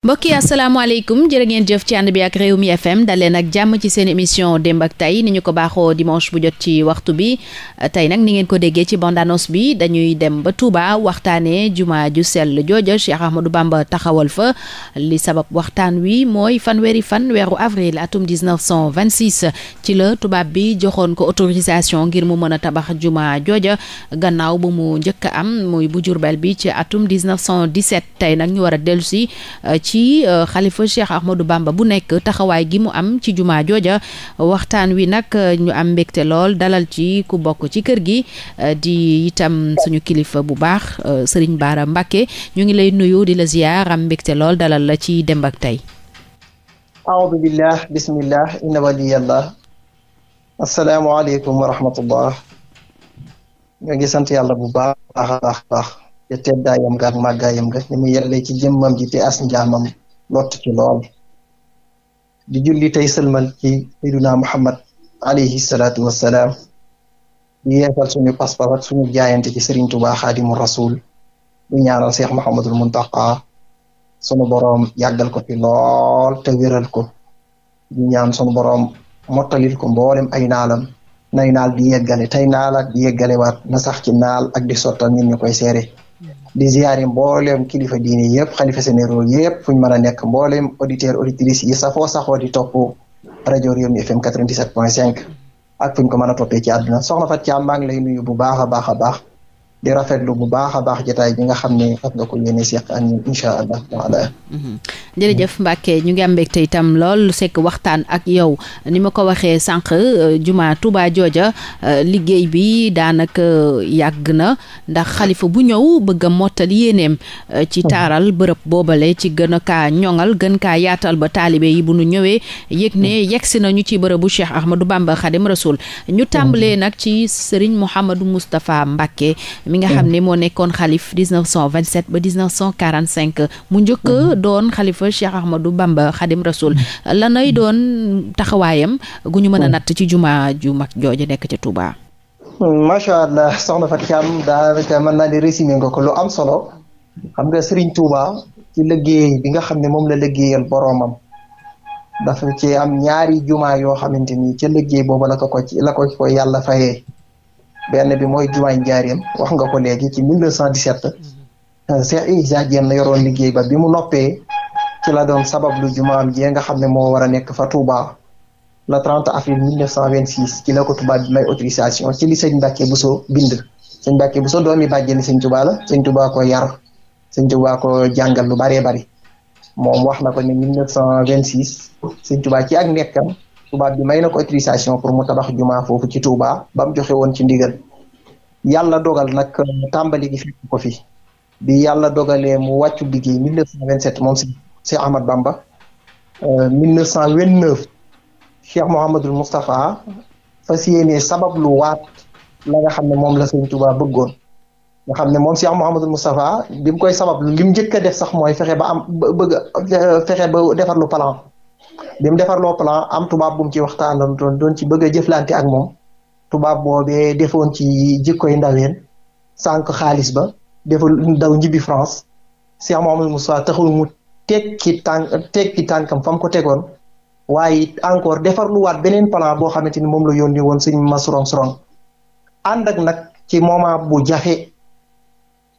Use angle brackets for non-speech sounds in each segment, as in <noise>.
mbokk yi asalaamaaleykum jërë ngeen jëf ci ànd bi ak réew mi FM dal leen ak jàmm ci seen émission démb ak tay ni ñu ko baaxoo dimanche bu jot ci waxtu bi tey nag ni ngeen ko déggee ci bande annonce bi dañuy dem ba Touba waxtaanee jumaa ju sell jooja Cheikh Ahmadou Bamba taxawal fa li sabab waxtaan wi mooy fanweeri fan weeru avril atum 1926 ci la tubaab bi joxoon ko autorisation ngir mu mën a tabax jumaa jooja gannaaw bu mu njëkk am muy bu Jurbel bi ci atum 1917 tey nag ñu war a dellu si. Eh, ci xalifa euh, Cheikh Ahmadou Bamba bu nekk taxawaay gi mu am ci jumaa jooja waxtaan wi nag euh, ñu am mbégte lool dalal ci ku bokk ci kër gi euh, di itam suñu kilifa bu baax Serigne Bara Mbacké ñu ngi lay nuyu di la ziar am lool dalal la ci Demb ak Tay aoudu sant yàlla bu te teddaayam ga ak màggaayam ga ni mu yelle ci jëmmam ji te as njaamam lott ci lool di julli tey sëlmal ci sayduna muhammad alayhi salaatu wassalaam di yeesal suñu paspas ak suñu jaayante ci sëriñ tubaa xaadimu rasul du ñaanal seex muhammadul muntaqa sunu boroom yàggal ko ci lool te wéral ko di ñaan sunu boroom mottalil ko mboolem ay naalam nay naal di yeggale tey naal ak di yeggale waat na sax ci naal ak di sottal ñun ñu koy seere di ziyaari mbooleem kilifa diine yëpp xalifa généraux yëpp fu ñu mën a nekk mbooleem auditeur auditrice yi safoo saxoo di topp rajo Rewmi FM 97 point 5 ak fu ñu ko mën a toppee a àdduna soxna Fatou Thiam maa ngi lay nuyu bu baax a baax baax di rafetlu bu baax a baax jotaay bi nga xam ne xam nga ko yéene seq ak ñun incha allah mhm. jërëjëf Mbacke ñu ngi am mbégte itam lool sekk waxtaan ak yow ni ma ko waxee sànq euh, jumaa tubaa jooja euh, liggéey bi daanaka euh, yàgg na ndax xalifa bu ñëw bëgg a mottali yéeneem ci taaral bërëb boobale ci gën kaa ñoŋal gën kaa yaatal ba taalibe yi bu nu ñëwee yëg ne yegsi nañu ci bërëbu Cheikh Ahmadou Bamba Khadim Rasoul ñu tàmbalee nag ci Serigne Mouhamadou Moustapha Mbacke mi nga xam mm. ne moo nekkoon xalif 1927 ba 1945 mu njëkk mm. doon xalifa Cheikh Ahmadou Bamba Khadim Rasoul mm. lanay doon taxawaayam gu ñu mën a natt ci jumaa ju mag jooju nekk ci Touba. macha allah soxna Fatou Thiam daanaka mën nga ko lu am solo xam nga Serigne Touba ci liggéey bi nga xam ne moom la liggéeyal boroomam dafa ci am ñaari juma yoo xamante ni ca liggéey boobu la ko ko la ko ko yàlla fayee. benn bi mooy jumaay njaareem wax nga ko léegi ci 1917 euh, Cheikh Issa Diène yoroon liggéey ba bi mu noppee ci la doon sabab lu jumaam jee nga xam ne moo war a nekk fa Touba le 30 avril 1926 ci la ko tubaab bi may autorisation ci li sëñ Mbacke Bousso bind. sëñ Mbacke Bousso doomi bàjjeni sëñ Touba la sëñ Touba ko yar sëñ Touba ko jàngal lu bëree bëri moom wax na ko ne 1926 sëñ Touba ci ak nekkam. tubaab bi may na ko autorisation pour mu tabax jumaa foofu ci Touba ba mu joxe woon ci ndigal yàlla dogal nag euh, tàmbali gi fekk ko fi bi yàlla dogalee mu wàccu liggéey 1927 moom si Cheikh Ahmad Bamba 1929 euh, Cheikh Mouhamadul Moustapha fa yéenee sabab lu waat la nga xam ne moom la sëñ Touba bëggoon nga xam ne moom Cheikh Mouhamadul Moustapha bi mu koy sabab lu lim njëkk a def sax mooy fexe ba am bëgg euh, fexe ba defar lu plan bi mu defarloo plan am tubaab bu mu ci waxtaanam doon ci bëgg a jëflante ak moom tubaab boobe defoon ci jikkoy ndaween sànq xaalis ba defal daw njibbi France Cheikh Mouhamadou Moussa taxul mu tekki ki tekki tànkam fa ko tegoon waaye encore defarluwaat beneen plan boo xamante ni moom la yónni woon suñ ma soron ànd ak nag ci moment bu jafe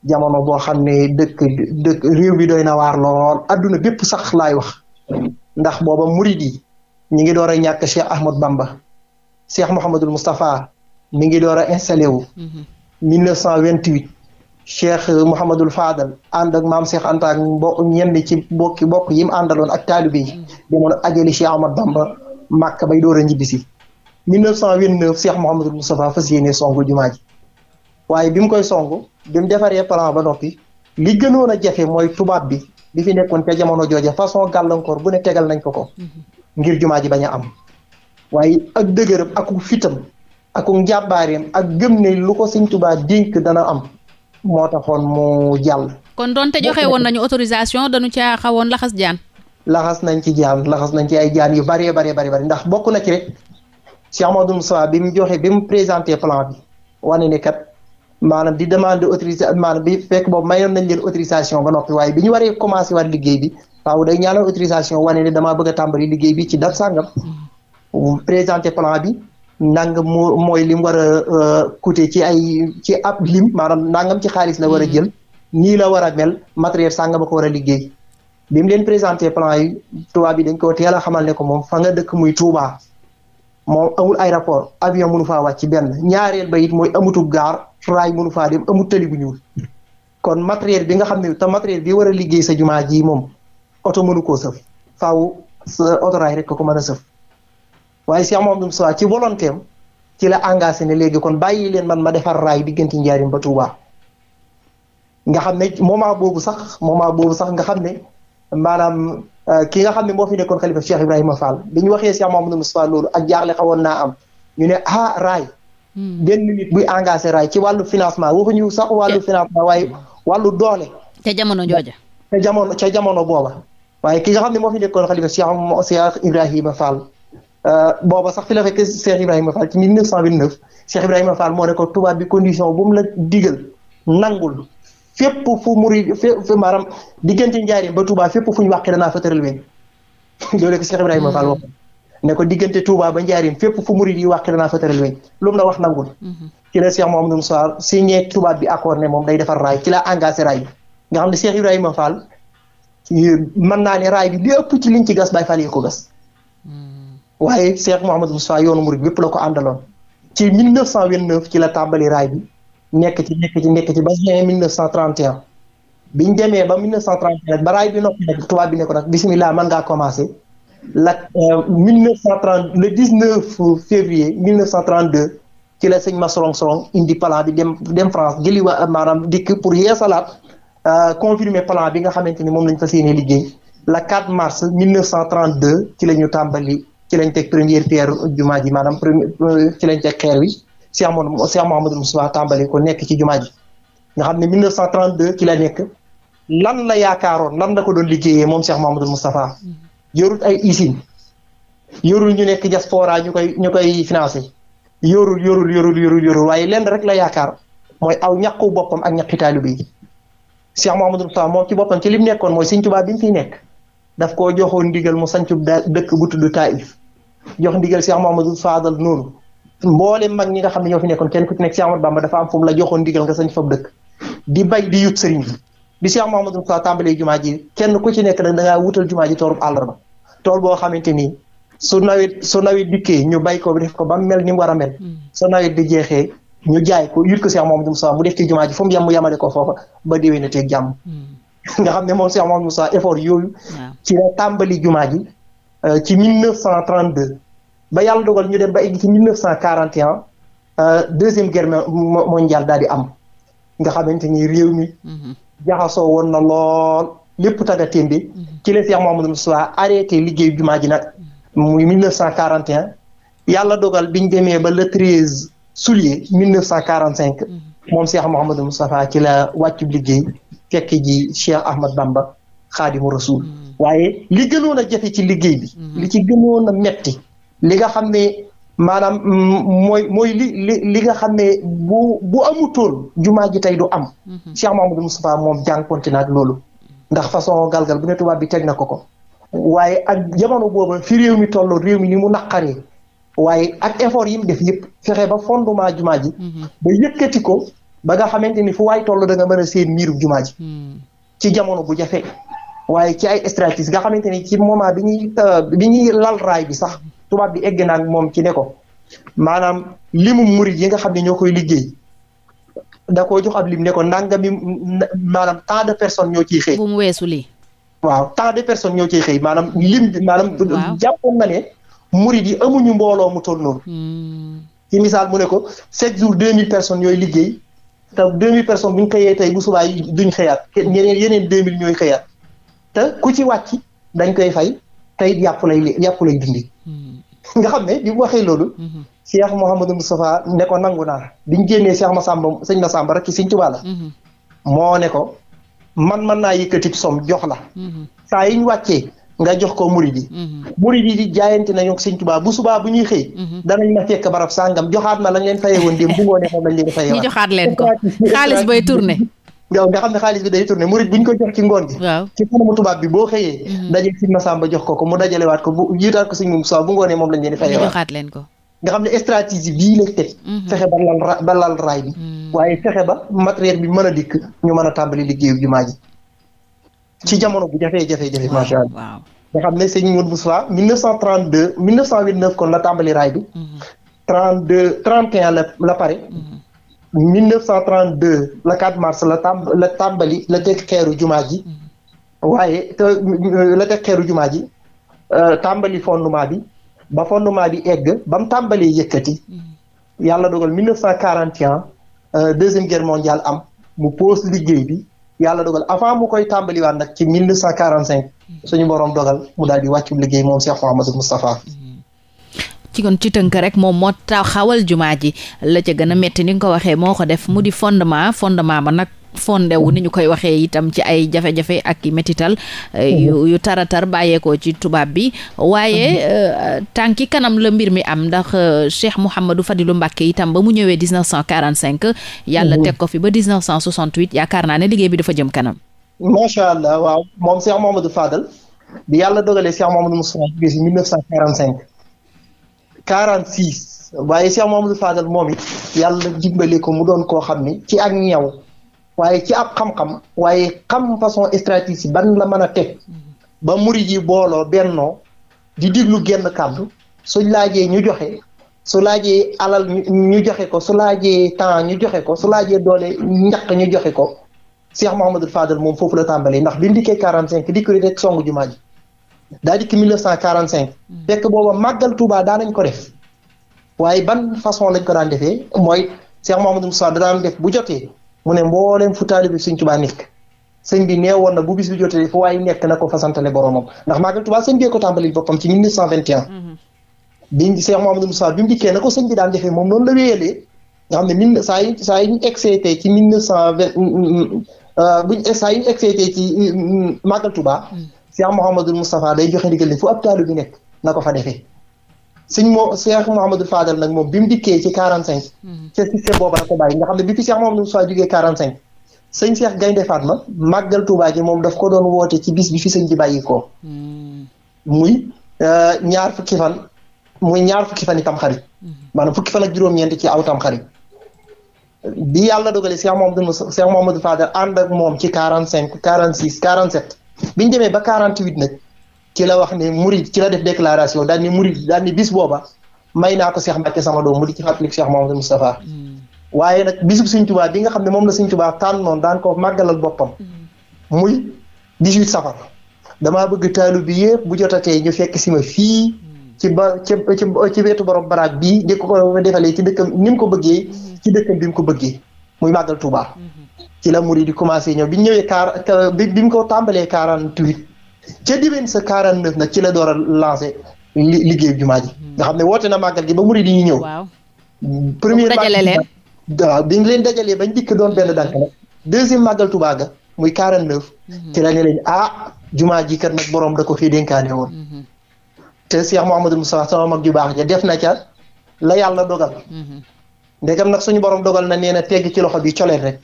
jamono boo xam ne dëkk dëkk réew bi doy na waar lool adduna bépp sax laay wax ndax booba murid yi ñu ngi door a ñàkk Cheikh Ahmad Bamba Cheikh Mouhamadul Moustapha mi ngi door a installé wu. 1928 mhm. Cheikh Mouhamadul Fadal ànd ak maam Cheikh Anta ak mbo ñenn ci bokki bokk yi mu àndaloon ak taalibe yi mhm. demoon ajali Cheikh Ahmad Bamba màkk bay door a ñibbisi. 1929 Cheikh Mouhamadul Moustapha fas yéene songu jumaa ji waaye bi koy songu bi defaree plan ba noppi li gënoon a jafe mooy tubaab bi bi fi nekkoon te jamono jooja façon gàllankoor bu ne tegal nañ ko ko ngir jumaa ji bañ am waaye ak dëgëram ak fitam aku njàbbaareem ak gëm ne lu ko Sëñ Tuubaa dénk dana am moo taxoon mu jàll kon doonte joxe woon nañu autorisation dañu caa xawoon laxas jaan laxas nañ ci jaan laxas nañ ci ay jaan yu bëree baree bëri ndax bokk na ci rek Cheikh Amadou Moussa bi mu joxe bi mu présenté plan bi wane ne kat maanaam di demande autorisation maanaam bi fekk boobu mayoon nañ leen autorisation ba noppi waaye bi ñu waree commencé war liggéey bi waaw day ñaanal autorisation wane ne damaa bëgg liggéey bi ci dab sàngam présenté plan bi nangam moo mooy lim war a euh, coûter ci ay ci ab lim maanaam nangam ci xaalis la war a jël nii la war a mel matériel sàngam a ko war a liggéey bi mu leen présenté plan yi tubaab bi dañ ko teel a xamal ne ko moom fa nga dëkk muy Touba moom amul aéroport avion mënu faa wàcc benn ñaareel ba it mooy amutub gaar furaay mënu faa dem amul tëli bu ñuul kon matériel bi nga xam ne te matériel bi war a liggéey sa jumaa ji moom oto mënu koo sëf faaw sa otoraay rek ko mën a sëf waaye Cheikh Mouhamadou Moussa ci volonté am ci la engagé ne léegi kon bàyyi leen man ma defar raay diggante Njaaréem ba Touba nga xam ne moment boobu sax moment boobu sax nga xam ne maanaam euh, ki nga xam ne moo fi nekkoon xalifa Cheikh Ibrahima Fall bi ñu waxee Cheikh Mouhamadou Moussa loolu ak jaaxle xawoon naa am ñu ne ah raay Hmm. benn nit buy engagé raay ci wàllu financement waxuñu sax wàllu financement waaye wàllu doole. ca jamono jooja. ca jamono ca jamono booba. waaye ki nga xam ne moo fi nekkoon xalifa Cheikh Cheikh Ibrahima Fall. Euh, booba sax fi la fekk Cheikh Ibrahima Fall ci 1929 Cheikh Ibrahima Fall moo ne ko tubaab bi condition bu mu la digal nangul fépp fu muri fépp maanaam diggante Njaaréem ba Touba fépp fu ñu wàqee danaa fa tëral wéen <laughs> loolu Cheikh Ibrahima Fall hmm. waxoon. ne ko diggante Touba ba Njaarim fépp fu murid yi wàqi danaa fa tëral weñ lu wax nangul mhm. la bi accord nga xam ne Cheikh Ibrahima Fall mën naa ne raay bi lépp ci liñ ci gas Baye Fall yi ko gas mhm. waaye Cheikh Mouhamadou Moussa yoonu murid bépp la ko àndaloon ci ci la tàmbali raay bi nekk ci nekk ci nekk ci ba juin 1931 biñ demee ba 1931 ba raay bi noppi nag tubaab bi ne ko nag bisimilah mën ngaa commencé la 1930 euh, le 19 février 1932 ci la sëñ ma sorong sorong indi plan bi dem dem France jëli waa maanaam dikk pour yeesalaat euh, confirmer plan bi nga xamante ni moom lañ fas yéene liggéey la 4 mars 1932 ci la ñu tàmbali ci lañ teg première pierre jumaa ji maanaam premier euh, ci lañ teg xeer wi Cheikh Mouhamadou Cheikh Mouhamadou Moustapha tàmbali ko nekk ci jumaa ji nga xam ne 1932 ci la nekk lan la yaakaaroon lan la ko doon liggéeyee moom Cheikh Mouhamadou Moustapha. Mm-hmm. yorul ay usine yorul ñu nekk diaspora ñu koy ñu koy financé yorul yorul yorul yorul yorul waaye lenn rek la yaakaar mooy aw ñaqu boppam ak ñaqi taalibe yi Cheikh Mouhamadou Moustapha moom ci ci li mu nekkoon mooy Sëñ Tuubaa bi mu fiy nekk daf koo joxoon ndigal mu sanc dëkk bu tudd Taïf jox ndigal Cheikh Mouhamadou Fadal noonu mboolem mag ñi nga xam ne ñoo fi nekkoon kenn ku ci nekk Cheikh Ahmadou Bamba dafa am la joxoon ndigal nga sanc fab dëkk di bay di yut sëriñ bi kenn ku ci nekk nag da ngaa wutal jumaa ji toorub àllarba tool boo xamante ni su nawet su nawet dikkee ñu bay ko def ko ba mel ni mu war a mel hmm. su nawet di jeexee ñu jaay ko yut ko Cheikh Mouhamadou Moussa mu def ci jumaa ji fu mu mu yemale ko foofa ba déwénatee jàmm hmm. <laughs> nga xam ne moom Cheikh Mouhamadou Moussa effort yooyu ci la tàmbali jumaa ji euh, ci 1932 ba yàlla dogal ñu dem ba egg ci 1941 euh, deuxième guerre mondiale daal di am nga xamante ni réew mi hmm. jaxasoo woon na lool lépp taga témbe mhm. ci la Cheikh Mouhamadou Moustapha jumaa ji nag muy yàlla dogal biñ demee ba le 13 juillet 1945 mhm. moom Cheikh Mouhamadou Moustapha ci la wàccu liggéey fekk ji Cheikh Ahmad Bamba xaadimu rasul mhm. waaye li gënoon a jafe ci liggéey bi li ci gënoon a metti li nga xam ne maanaam mooy li li li nga xam ne bu bu amutoon jumaa ji tey du am Cheikh Mouhamadou Moustapha moom jànkonte na ak loolu ndax façon galgal bu ne tubaab bi teg na ko ko waaye ak jamono booba fi réew mi toll réew mi ni mu naqaree waaye ak effort yi mu def yëpp fexe ba fondement jumaa ji mhm. ba yëkkati ko ba nga xamante ni fu waay toll da nga seen miiru jumaa hmm. ci jamono bu jafe waaye ci ay stratégies nga xamante ni ci moment bi ñuy euh, bi ñuy lal raay bi sax tubaab bi egg naa ak moom ci ne ko maanaam limu murid yi nga xam ne ñoo koy liggéey da koo jox ab lim ne ko nangami maanaam tant de personnes ñoo ciy xëy. bu mu weesu lii. waaw tant de personnes ñoo ciy xëy maanaam lim bi maanaam. Hmm, waaw jàppoon na ne murid yi amuñu mbooloo mu toll noonu. Hmm. ci misaal mu ne ko sept jour deux mille personne ñooy liggéey te deux mille personnes bu ñu xëyee tey bu subaa duñ xëyaat ñeneen yeneen deux mille ñooy xëyaat te ku ci wàcc dañ koy fay tey yàpp lay yàpp lay dindi. Hmm. nga xam ne bi mu waxee loolu. Cheikh Mouhamadou Moustapha ne ko nangu naa biñ génnee Cheikh Massamba sëñ Massamba rek ci sëñ Tuubaa la mhm. moo ne ko man mën naa yëkkati som jox la mhm. saa yiñ wàccee nga jox ko murid yi mhm. murid yi di jaayante nañu sëñ Tuubaa bu subaa ñu joxaat leen ko xaalis bay tourné yow nga xam ne xaalis bi day tourné murid bu ñu ko jox ci ngoon gi ci kanamu tubaab bi boo xëyee dajale sëñ Massamba jox ko ko mu dajalewaat ko bu jiitaat ko sëñ Moustapha bu ngoonee moom lañ leen fayee waat leen ko nga xam ne stratégie bii lañ teg. Mhm. fexe ba lal ba raay bi. Mhm. waaye fexe ba matériel bi mën a dikk ñu mën a tàmbali liggéeyu jumaa ji ci mhm. jamono bu jafee jafe jafe macha allah. nga xam ne sëñ Modou Moussa 1932 1929 kon la tàmbali raay bi. 32 31 la la pare. 1932 la 4 mars la tam la tàmbali la teg xeeru jumaa ji. Euh, xeeru jumaa ji euh, tàmbali fondement bi. ba fondement bi egg ba mu tàmbalee yëkkati mm. yàlla dogal cent 1941 euh, deuxième guerre mondiale am mu pose liggéey bi yàlla dogal avant mu koy tàmbaliwaat nag ci 1945 mm. suñu borom dogal mu daal di wàccu liggéey moom Cheikh Mouhamadou Moustapha. Mm. ci kon ci tënk rek moom moo taxawal jumaa ji la ca gën a métti ni nga ko waxee moo ko def mu di fondement fondement ba nag. fondé wu ni ñu koy waxee itam ci ay jafe-jafe ak i métital eh, yu tara taratar bàyyeekoo ci tubaab bi waaye eh, tànki kanam la mbir mi am ndax eh, Cheikh Mouhamadou Fadilou Mbacké itam ba mu ñëwee 1945 yàlla teg ko fi ba 1968 yaakaar naa ne liggéey bi dafa jëm kanam macha allah waaw moom Cheikh Mouhamadou Fadal bi yàlla dogalee Cheikh Mouhamadou Moustapha bi si 1945 46 waaye Cheikh Mouhamadou Fadal moom it yàlla jimbale ko mu doon koo xam ni ci ak ñaw waaye ci ab xam-xam waaye xam façon stratégie ban la mën a teg ba muri yi booloo bennoo di diglu genn kàddu suñ laajee ñu joxe su laajee alal ñu joxe ko su laajee temps ñu joxe ko su laajee doole ñaq ñu joxe ko Cheikh Mouhamadou Fadel moom foofu la tàmbali ndax bi mu dikkee 45 dikk rek songu jumaa ji daa dikk 1945 fekk booba màggal Touba daan nañ ko def waaye ban façon lañ ko daan defee mooy Cheikh Mouhamadou Moussa daan def bu jotee. mu ne mbooleem fu taalibe sëñ Tuubaa nekk sëñ bi nee woon na bu bis bi jotee fu waaye nekk na ko fasantale boroomam ndax Màggal Tuubaa sëñ bee ko tàmbali boppam ci 1921. Mhm. bi Cheikh Mouhamadou Moussa bi mu dikkee na ko sëñ bi daan defee moom noonu la wéyalee nga xam ne mille saa yi saa yi ñu excité ci mille neuf cent vingt mm, mm, mm, euh, buñ saa yi ñu excité ci Màggal Tuubaa Cheikh mhm. day joxe ndigal ne fu ab taalibe nekk na ko fa defee. sëñ moo Cheikh Mouhamadou Fadal nag moom bi mu dikkee ci 45. Hmm. ca Cissé boobu la ko bàyyi nga xam ne bi fi Cheikh Mouhamadou Moussa jugee 45. sëñ Cheikh Gaynde Fatma màggal Touba gi moom daf ko doon woote ci bis bi fi sëñ bi bàyyi ko. Hmm. muy euh, ñaar fukki fan muy ñaar fukki fan yi tam xarit. Hmm. maanaam fukki fan ak juróom ci aw tam xarit. bi yàlla dogalee Cheikh Mouhamadou Cheikh Mouhamadou Fadal ànd moom ci 45 46 47. biñ demee ba 48 nag. ci la wax ne murid ci la def déclaration daal ni murid daal ni bis booba may naa ko Cheikh Mbacke sama doom mu di ci fàttalik Cheikh Mamadou Moustapha mm. waaye nag nga xam ne moom la Sëñ Tuubaa tànnoon daan ko màggalal boppam mm. muy 18 safar damaa bëgg taalu bi yëpp bu jotatee ñu fekk si ma fii mm. ci ba ci ci wetu borom baraag bi di ko defalee ci dëkkam ni mu ko bëggee ci dëkkam bi mu ko bëggee muy màggal Tuubaa mm-hmm. ci la murid di commencé ñëw bi ñu ñëwee car bi mu ko tàmbalee 48 ca déwén sa 49 na ci la door a lancé liggéey jumaa ji. Hmm. nga xam ne woote na màggal gi ba murid yi ñëw. waaw premier dajale leen waaw bi ñu leen dajalee bañ dikk doon benn dànk nag deuxième màggal Tuubaa ga muy hmm. ci la ne leen ah, jumaa ji kat nag borom da ko fii dénkaane woon. Hmm. te Cheikh Mouhamadou Moustapha sama mag ju baax ja def na ca la yàlla dogal. ndegam nag suñu borom dogal na nee na tegg ci loxo bi coleen rek.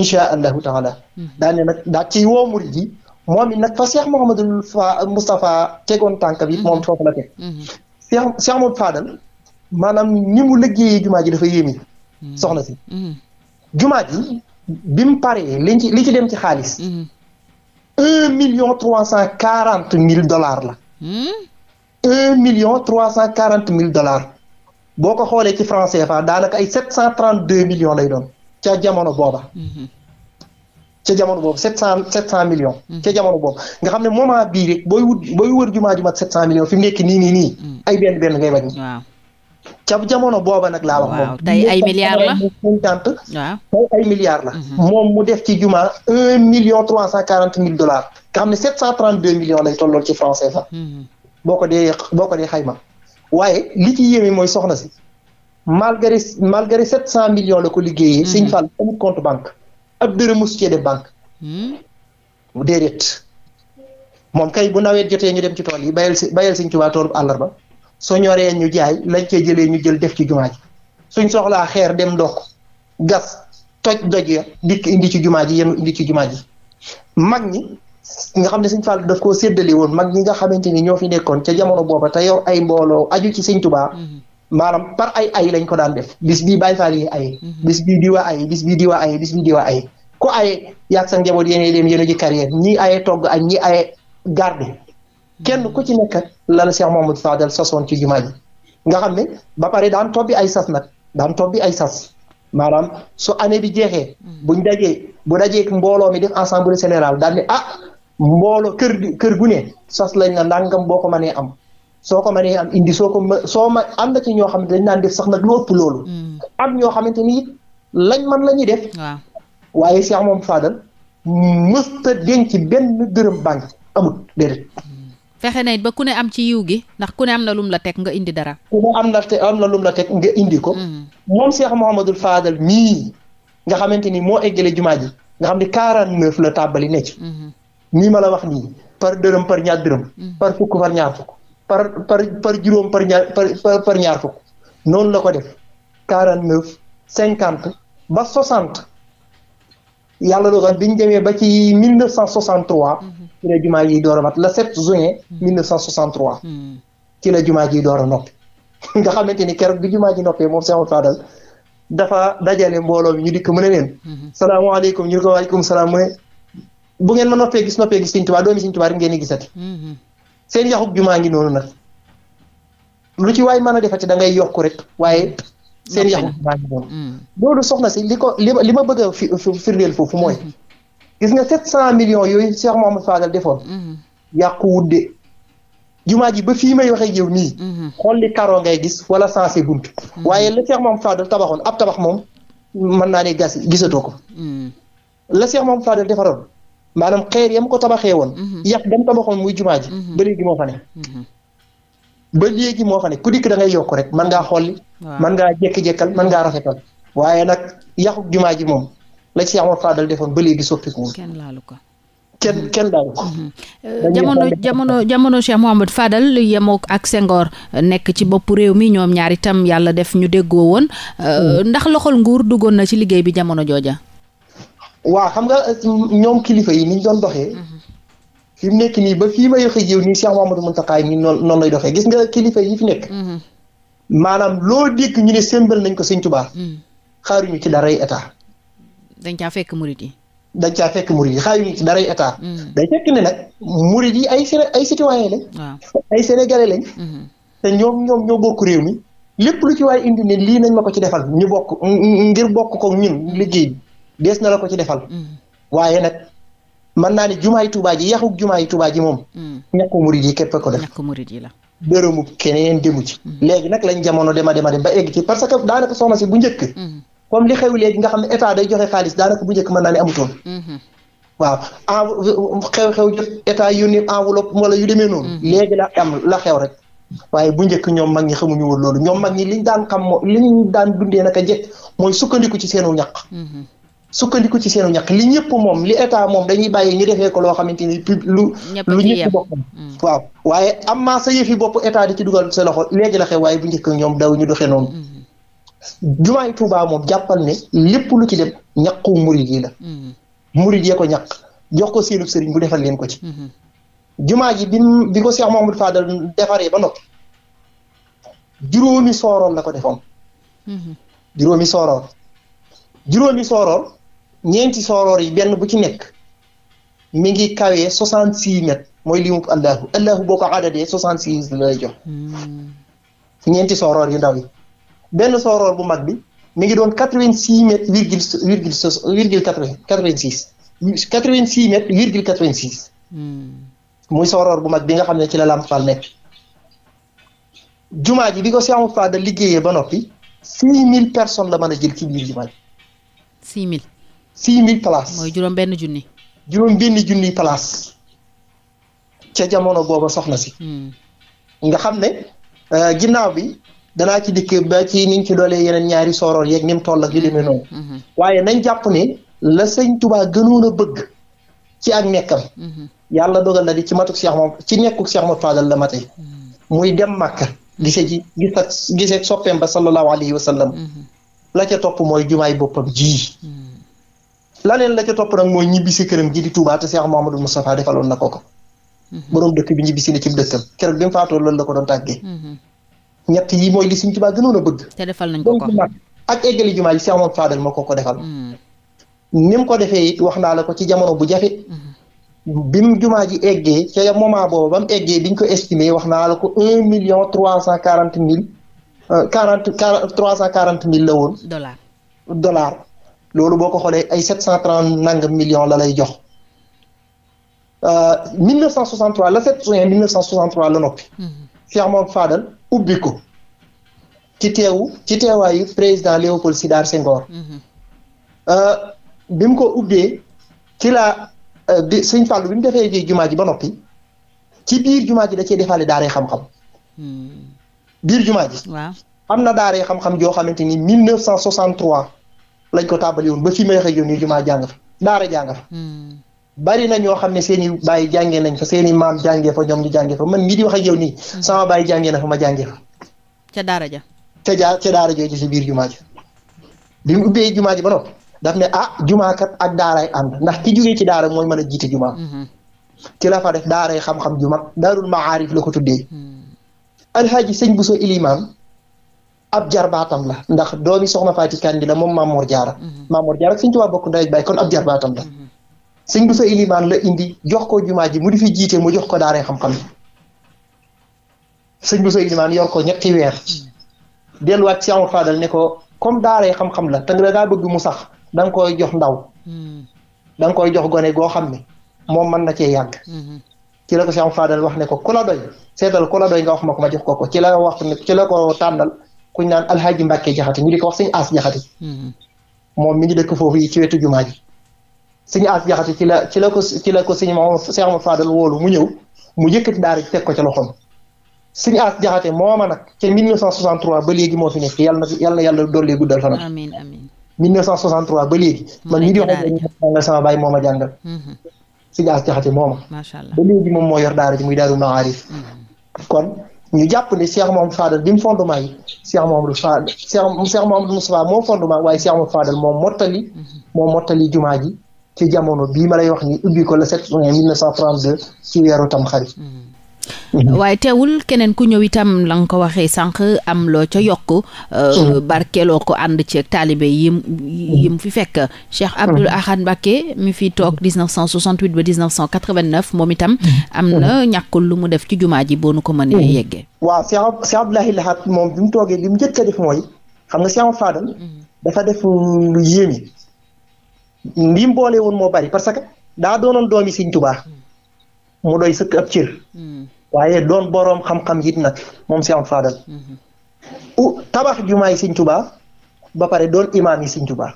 incha allahu taala. daa ne nag daa woo murid yi moom it nag fa Cheikh Mouhamadul Fa Moustapha tegoon tànk bi moom mhm. foofu la teg. Mhm. Cheikh Cheikh Mouhamadou Fadal maanaam ni mu liggéeyee jumaa ji dafa yéemi. Mhm. soxna si. jumaa ji bi mu paree li ci li ci dem ci xaalis. un million trois cent quarante mille dollars la. Hmm? un million trois cent quarante mille dollars. boo ko xoolee ci franc CFA daanaka ay sept cent trente deux million lay doon. ca jamono booba. ca jamono boobu sept cent sept cent mm-hmm. jamono boobu nga xam ne moom bii rek booy wut booy wër jumaa ju mat cent millions fi nekk nii nii nii. Mm-hmm. ay benn benn ngay bañ. ca jamono booba nag laa wax. moom tey ay milliards la waaw mm-hmm. la. moom mu def ci jumaa un million trois cent quarante mille dollars. nga xam ne sept cent trente deux millions lay tolloon ci franc CFA. boo ko dee boo ko dee xayma. waaye li ci yéeme mooy soxna si malgré malgré sept cent millions la ko liggéeyee. Sëñ Fall amul compte banque. ab dërëm mosu cee dem banque. bu hmm? déedéet moom kay bu nawet jotee ñu dem ci tool yi bayal si bayal Sëñ Tuubaa tool bu àllarba soo ñoree ñu jaay lañ cee jëlee ñu jël def ci jumaa ji suñ soxlaa xeer dem ndox gas toj doj ya dikk indi ci jumaa ji yenu indi ci jumaa ji mag ñi nga xam ne suñ Fallu daf koo séddale woon mag ñi nga xamante ni ñoo fi nekkoon ca jamono booba te yow ay mbooloo aju ci Sëñ Tuubaa. Hmm. maanaam par ay ay lañ ko daan def bis bii Baay Faal yi ay mhm. bis bii diwa ay bis bii diwa ay bis bii diwa ay ku aye yaag sa njaboot yéene dem yéene ji carrière ñii aye togg ak ñi aye garde kenn ku ci nekk la la Cheikh Mamadou Fadel sosoon ci jumaa nga xam ne ba pare daan tobbi ay sas nag daan tobbi ay sas maanaam su année bi jeexee mhm. buñ dajee bu dajee mbooloo mi def assemblée générale daal ne ah mbooloo kër kër gu ne sas lañ la nangam boo ko mënee am soo ko mënee am indi soo ko ma soo ma am na ci ñoo xam ne dañ naan def sax nag lu ëpp loolu. Mm. am ñoo xamante ni lañ man la ñuy def. waaye seex moom Fadal mësta denc benn dërëm banque amut déedéet. Mm. fexe na it ba ku ne am ci yiw gi ndax ku ne am na lum la teg nga indi dara. ku am na la teg nga indi ko. Mm. moom Cheikh Mouhamadul Fadal mii nga xamante ni moo eggale jumaa ji nga xam ne 49 la tàbbali ne ci. Mm-hmm. ma la wax nii par dërëm par ñaar dërëm. par fukk par ñaar fukk. par par par juróom par ñaar par par ñaar fukk noonu la ko def quarante neuf cinquante ba soixante yàlla dogal bi ñu demee ba ci mille neuf cent soixante trois mhm. ci la jumaa ji door a mat le sept juin mhm. mille neuf cent soixante trois mhm. ci la jumaa door a noppi <laughs> nga xamante ni keroog bi jumaa ji noppee moom Seexul Faadal dafa dajale mbooloo mi ñu dikk mu ne leen salaamaaleykum ñu ne ko waaleykum salaam bu ngeen ma noppee gis noppee gis Sëñ Tuubaa doomi Sëñ Tuubaa ngeen di gisati seen yaxuk jumaa ngi noonu nag lu ci waay mën a defati da ngay yokk rek waaye seen yaxuk jumaa ngi noonu mm. loolu soxna si li ko li ma li ma bëgg a fi firndeel foofu mooy mm-hmm. gis nga sept cent million yooyu Cheikh Mouhamadou Fadal defoon mm-hmm. yàqu wudde jumaa ji ba fii may waxee yow nii mm-hmm. xool li karo ngay gis wala sensé bunt waaye la Cheikh Mouhamadou Fadal tabaxoon ab tabax moom mën naa ne gas gisatoo ko la Cheikh moom Fadal defaroon maanaam xeer yam ko tabaxee woon. Mhm. yàq dam tabaxoon muy jumaa ji. Mhm. ba léegi moo fa ne. Mhm. ba léegi moo fa ne ku dikk da ngay yokk rek mën ngaa xolli. mën ngaa jékki-jékkal mën ngaa rafetal. waaye nag yàqu jumaa ji moom la ci Amar Fadal defoon ba léegi soppi ko kenn laalu ko. kenn kenn daal euh, jamono jamono jamono Cheikh Mouhamed Fadal yemook ak Senghor nekk ci bopp réew mi ñoom ñaari itam yàlla def ñu déggoo woon. Euh, mm. ndax loxol nguur duggoon na ci liggéey bi jamono jooja. waaw xam nga ñoom kilifa yi niñ doon doxee. Mhm. fi nekk nii ba fii may xëy jiw nii Cheikh Mouhamadou Mountakha nii noonu noonu lay doxee gis nga kilifa yi fi nekk. Mhm. maanaam loo dégg ñu ne sembal nañ ko Sëñ Tuubaa. Mhm. xaaruñu ci daray état. dañ caa fekk murid yi. dañ caa fekk murid yi xaaruñu ci daray état. day fekk ne nag murid yi ay ay citoyen lañ. ay te ñoom ñoom ñoo bokk réew mi lépp lu ci waay indi ne lii nañ ma ko ci defal ñu bokk ngir bokk ko ñun liggéey bi. des na la ko ci defal. Mm. waaye nag man naa ne jumaay Tuubaa ji yaxu jumaay Tuubaa ji moom. Mm. ñàkku murid yi képp ko def. ñàkku murid yi la. dërëmu keneen demu ci. Mm. léegi nag lañ jamono dema dema dem ba egg ci parce que daanaka soxna si bu njëkk. comme li xew léegi nga xam ne état day joxe xaalis daanaka bu njëkk mën naa ne amutoon. Mm-hmm. waaw en xew-xew jot état yu ni enveloppe wala yu demee noonu. Mm-hmm. léegi la am la xew rek. waaye bu njëkk ñoom mag ñi xamuñu woon loolu ñoom mag ñi liñ daan xam li ñu daan dundee naka mooy sukkandiku ci seenu ñaq. Mm-hmm. sukkandiku ci seenu ñaq li ñëpp moom li état moom dañuy bàyyi ñu defee ko loo xamante ni pub lu lu ñëpp bokk mm. waaw waaye am maa sa yëfi bopp état di ci dugal sa loxo léegi la xew waaye bu njëkk ñoom daw ñu doxee noonu mm-hmm. jumaay Tuubaa moom jàppal ne lépp lu ci dem ñaqu murid yi la mm-hmm. murid yee ko ñaq jox ko seenu sëriñ bu defal leen ko ci mm-hmm. jumaa ji bi bi ko moom Mouhamadou Fadal defaree ba noppi juróomi sooroor la ko defoon juróomi sooroor juróomi sooroor ñeenti soroor yi benn bu ci nekk mi ngi kawee soixante six mètres mooy li mu allahu allahu boo ko adadee soixante six la lay jox hmm. ñeenti soroor yu ndaw yi benn soroor bu mag bi mi ngi doon quatre vingt six mètres virgule virgule virgule quatre vingt six muy soroor bu mag bi nga xam ne ci la Lamp Fall nekk jumaa ji bi ko Cheikh Moustapha da liggéeyee ba noppi six mille personnes la mën a jël ci biir jumaa ji six mille six mille places. mooy juróom benn junni. juróom benn junni places ca jamono booba soxna si. Hmm. nga xam ne euh, ginnaaw bi danaa ci dikk ba ci niñ ci doolee yeneen ñaari sooroon yeeg ni mu toll ak yu demee noonu. Hmm. Hmm. waaye nañ jàpp ne la sëñ Tuubaa gënoon a bëgg ci ak nekkam. yàlla dogal na di ci matuk seex moom ci nekkuk Cheikh Mouhamadou Fadal la mate. muy dem Màkka. gise ji gis gise soppeem ba sallallahu alayhi wa sallam. la ca topp mooy jumaay boppam ji. laneen la ca topp nag mooy ñibbisi këram gi di Touba te Cheikh Mouhamadou Moustapha defaloon na ko ko. Mhm. borom dëkk bi ñibbisi na ci dëkkam keroog bi mu faatoo loolu la ko doon tàggee. Mhm. ñett yi mooy li Sëriñ Touba gënoon a bëgg. te defal nañ ko ko ak eggali jumaa ji Cheikh Mouhamadou Fadal moo ko ko defal. Mhm. ni ko defee it wax naa la ko ci jamono bu jafe. bim jumaa ji eggee ca moment boobu ba mu eggee biñ ko estimé wax naa la ko un million trois cent quarante mille euh, quarante trois cent quarante la woon. dollar dollar. loolu boo ko xoolee ay 730 nangam millions la lay jox 1963 la 7 juin 1963 la noppi. Mm-hmm. Cheikh Mouhamed Fadal ubbi ko ci teewu ci teewaayu président Léopold Sédar Senghor. Mm-hmm. Euh, bi mu ko ubbee ci la euh, bi Sëñ Fallu bi mu defee ji jumaa ji ba noppi ci biir jumaa ji da cee defaale daaree xam-xam. Mm-hmm. biir jumaa ji. am na daaree xam-xam joo xamante ni 1963. lañ ko tàmbali ba fi may waxee yoon yi jumaa jàng fa daara jàng fa. Hmm. bari na ñoo xam ne seen i baay jàngee nañ fa seen i maam jàngee fa ñoom ñu jàngee fa man mii di wax ak yow nii. Hmm. sama baay jàngee na fa ma jàngee ja. ca ja ca daara jooju si jumaa ji bi mu ubbee jumaa ji ba noppi daf ne ah jumaa kat ak daaray ànd ndax ki jógee ci daara mooy mën a jiite jumaa. Hmm. ci la fa def daaray xam-xam ju mag daarul maarif la ko tuddee. alxaaji sëñ Bousso Ilimaan ab jarbaatam la ndax doomi soxna Faati Kandi la moom Mamoor Jaara mhm. Mamoor Jaara ak Sëñ Tuubaa bokk ndey ak baay kon ab jarbaatam la mhm. sëñ sa ilimaan la indi jox ko jumaa ji mu di fi jiite mu jox ko daaree xam-xam sëñ bu sa ilimaan yor ko ñetti weer mhm. delluwaat si amul faadal ne ko comme daaree xam-xam la te nga daa bëgg mu sax da nga koy jox ndaw dang nga koy jox gone goo xam ne moom mën na cee yàgg ci la ko si faadal wax ne ko kol a doy seetal ku la doy nga wax ma ko ma jox ko ko ci la wax ne ci la ko tànnal kuñ naan alxaaji Mbàkke jaxate ñu di ko mm-hmm. moom mi ngi dëkk foofu yi ci wetu jumaa ji sëñ as jaxate ci la ci la ko ci la ko sëñ moom a Ahmadu woolu mu ñëw mu yëkkati daara ji ko ca loxoom sëñ as jaxate mooma nag a 1963 ba léegi moo fi nekk yàlla na yàlla na yàlla dolli guddal fanam amiin ba léegi man ñi di wax jàngal sama baay mooma jàngal mm-hmm. sëñ as jaxate mooma ba léegi moom moo yor muy daaru maarif mm-hmm. kon ñu jàpp ne Cheikh Mouhamadou Fadal bi mu fondement yi Cheikh Mouhamadou Fadal Cheikh Cheikh Mouhamadou Moustapha moo fondement waaye Cheikh Mouhamadou Fadal moom mottali moom mottali jumaa ji jamono bii ma lay wax ni ubbi ko le 7 juin 1932 ci weeru tam xarit Mhm. waaye teewul keneen ku ñëw itam la nga ko waxee sànq am loo ca yokk euh, mhm. barkeeloo ko ànd ci taalibe yi mu fi fekk Cheikh Abdoul mhm. Ahad Mbacké mi fi toog 1968 ba 1989 moom itam am na ñàkkul lu mu def ci jumaa ji boo nu ko mënee yeggee waaw Cheikh Cheikh Abdoul Ahad moom bi mu toogee li mu njëkk a def mooy xam nga Cheikh Fadal dafa def lu yéeme li mu boole woon moo bari parce que daa doonoon doomi Sëñ Tuubaa mu doy sëkk ab cër hmm. waaye doon boroom xam-xam yit nag moom si am faadal hmm. u tabax jumaay Sëñ Tuubaa ba pare doon imaam yi Sëñ Tuubaa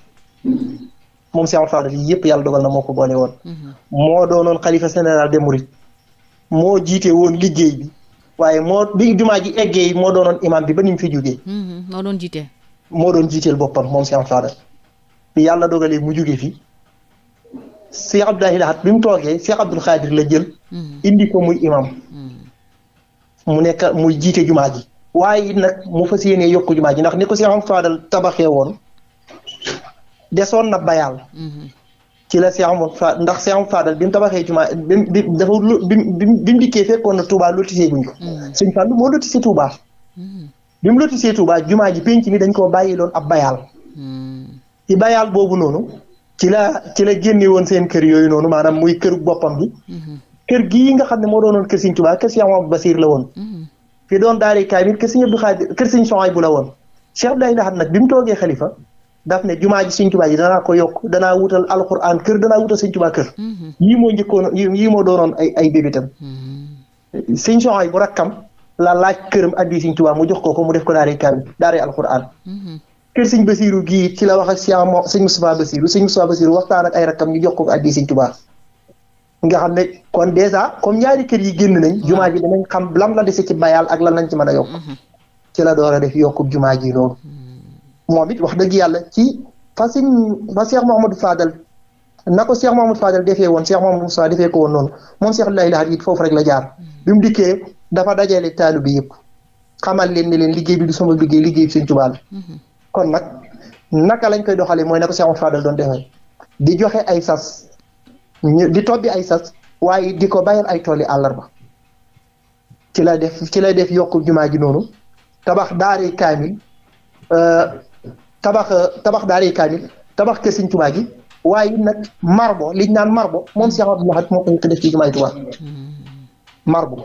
moom si am faadal yi yëpp yàlla dogal na moo ko boole woon hmm. moo doonoon xalifa général des mourides moo jiite woon liggéey bi waaye moo bi jumaa ji eggee moo doonoon imaam bi ba ni fi jógee moo doon jiite moo doon jiiteel boppam moom si am faadal bi yàlla dogalee mu jóge fi Cheikh Abdoulaye Lahat bi mu toogee Cheikh Abdoul Khadir la jël. Hmm. indi ko muy imam. Hmm. mu nekk muy jiite jumaa ji. waaye it nag mu fas yéenee yokk jumaa ji ndax ni ko Cheikh Ahmadou Fadal tabaxee woon desoon na bayaal. Hmm. ci la Cheikh Ahmadou ndax Cheikh Ahmadou Fadal bi mu tabaxee jumaa bi mu dikkee fekkoon na Touba lotissé guñ ko. Sëñ Fallu moo lotissé Touba. bi mu lotissé Touba jumaa ji penc mi dañ koo bàyyi bàyyiloon ab bayaal. ci bayaal boobu noonu. ci la ci la génne woon seen kër yooyu noonu maanaam muy kër boppam bi mm-hmm. kër gi nga xam ne moo doonoon kër Sëriñ Tuubaa kër Cheikh Mamadou Basir la woon mm-hmm. fi doon daari kaamil kër Sëriñ Abdou Khadir la woon Cheikh Abdoulaye Lahad nag bi mu toogee xalifa daf ne jumaa ji Sëriñ Tuubaa ji danaa ko yokk danaa wutal alxuraan kër danaa wutal Sëriñ Tuubaa kër mm-hmm. yii moo njëkkoon yii moo doonoon ay ay débitam Sëriñ Souhaïbou rakkam laa laaj kër këram addi Sëriñ Tuubaa mu jox ko ko mu def ko daari kaamil daari alxuraan kër sëñ Basiiru gii ci la wax ak siamo sëñ Moustapha Basiiru sëñ Moustapha Basiiru waxtaan ak ay rakkam ñu jox addi sëñ Tuubaa nga xam ne kon dèjà comme ñaari kër yi génn nañ mm-hmm. jumaa ji danañ xam lam la dese ci bayal ak lan lañ ci mën a yokk mm-hmm. ci la door a def yokku jumaa ji loolu mm-hmm. moom it wax dëgg yàlla ci fa sëñ fa Cheikh Mouhamadou Fadal na ko Cheikh Mouhamadou defee woon Cheikh Mouhamadou Moustapha defee ko woon noonu moom Cheikh Abdoul Ahad it foofu rek la jaar bi mu dikkee dafa dajale taalu bi yëpp xamal leen ne leen liggéey bi du sama liggéey liggéey bi sëñ Tuubaa kon nag naka lañ koy doxalee mooy na ko Cheikh Fadal doon defee di joxe ay sas di tobbi ay sas waaye di ko bàyyil ay tool yi àllarba ci lay def ci lay def yokk jumaa ji noonu tabax daaree kaamil euh, tabax tabax daaree kaamil tabax kër Sëriñ Tuubaa gi waaye nag marbo liñ naan marbo moom Cheikh Abdou Lahad moo ko njëkk def ci jumaay Tuubaa mm-hmm. marbo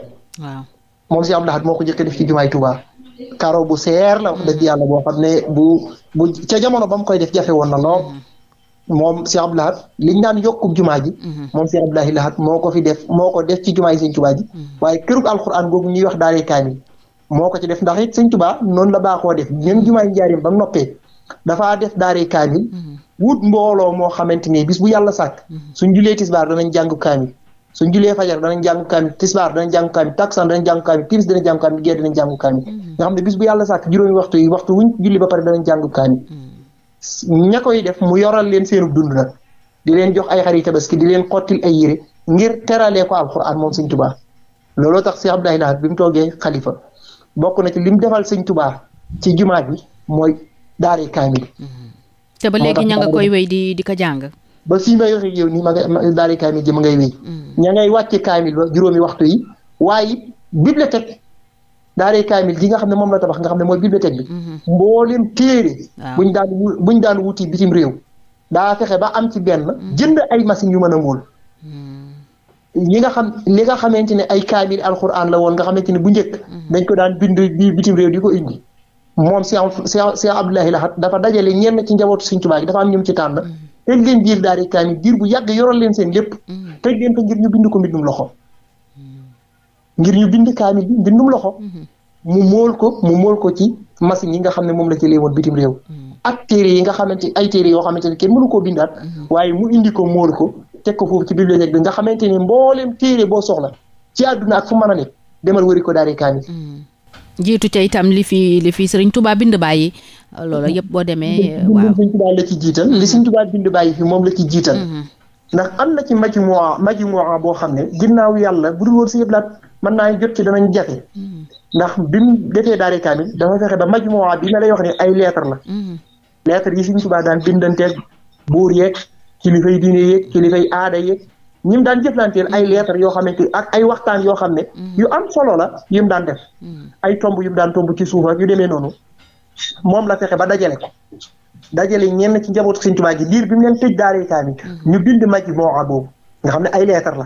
ko njëkk def ci jumaay Tuubaa karo bu seer la wax dëgg mm-hmm. yàlla boo xam ne bu ca jamono ba mu koy def jafe woon na lool mm-hmm. moom Cheikh Abdou Lahad liñ daan yokku jumaa ji mm-hmm. moom Cheikh Abdou Lahad moo ko fi def moo ko def ci jumaa yi Sëñ Tuubaa ji waaye kërug alxuraan googu ñuy wax moo ko ci def ndax it Sëñ Tuubaa noonu la baaxoo def ñun jumaa yi njaarim ba mu noppee dafaa def daare kaamil wut mbooloo moo xamante ni bis bu yàlla sàkk suñ julee tisbaar danañ jàng kaamil suñ julee fajar danañ jàng kaamil tisbaar danañ jàng kaamil takkusaan danañ jàng kaamil timis danañ jàng kaamil gee danañ jàng kaamil mm-hmm. nga xam ne bis bu yàlla sàkk juróomi waxtu yi waxtu wuñ julli ba pare mm-hmm. ña koy def mu yoral leen seenub dund nag di leen jox ay xari tabaski di leen xottil ay yére ngir teralee ko alxuraan moom sëñ tubaa looloo tax Cheikh Abdoulaye Lahad bi mu toogee xalifa bokk na ci lim defal sëñ tubaa ci jumaa bi mooy daaree kaamil mm-hmm. te léegi ña koy wéy di di ko jàng ba si may wax ak yow nii ma nga daari kaamil ji ma ngay wéy mm. ña ngay wàcce kaamil ba juróomi waxtu yi waaye bibliothèque daari kaamil gi nga xam ne moom la tabax nga xam ne mooy bibliothèque bi mm-hmm. mboolem téere buñ daan buñ daan wuti bitim réew daa fexe ba am ci benn mm-hmm. jënd ay machines yu mën a mool mm-hmm. ñi nga xam li nga xamante ne ay kaamil alxuraan la woon nga xamante ne bu njëkk dañ ko daan bind bi bitim réew di ko indi moom Cheikh Cheikh Abdoulahi Lahat dafa dajale ñenn ci njabootu Sëriñ Tuubaa gi dafa am ñum ci tànn teg leen biir daari kaamil diir bu yàgg yoral leen seen lépp mm. teg leen ko ngir ñu bind ko mbindum loxo mm. ngir ñu bind kaamil bi mbindum loxo mm-hmm. mu mool ko mu mool ko ci machine yi nga xam ne moom la jëlee woon bitim réew mm. ak téere yi nga xamante ay téere yoo xamante ne kenn mënu koo bindaat mm-hmm. waaye mu indi ko mool ko teg ko foofu ci bibliothèque bi nga xamante ne mbooleem téere boo soxla ci àdduna ak fu mën a nekk demal wëri ko daari kaamil jiitu ca itam li fi li fi Serigne Touba bind bàyyi euh, loola yëpp boo demee. waaw Serigne Touba la ci jiital li Serigne Touba bind bàyyi fi moom la ci jiital. Mm-hmm. ndax am na ci majmuwa majmuwa boo xam ne ginnaaw yàlla bu dul woon si yëpp laat mën naa jot ci danañ jafe. Mm-hmm. ndax bi mu defee daare kaamil dafa fexe ba majmuwa bi ma lay wax ne ay lettre la. Mm-hmm. lettre yi Serigne Touba daan bindanteeg buur yeeg kilifay diine yeeg kilifay aada yeeg ñi mu daan jëflanteel ay mm. lettres yoo xam xamante ak ay waxtaan yoo xam ne. Mm. yu am solo la yu mu daan def. Mm. ay tomb yu daan tomb ci suuf ak yu demee noonu moom la fexe ba dajale ko dajale ñenn ci njabootu Sëriñ Tuubaa ji liir bi mu leen tëj daaray kaamil ñu bind maji moo boobu nga xam ne ay leetar la.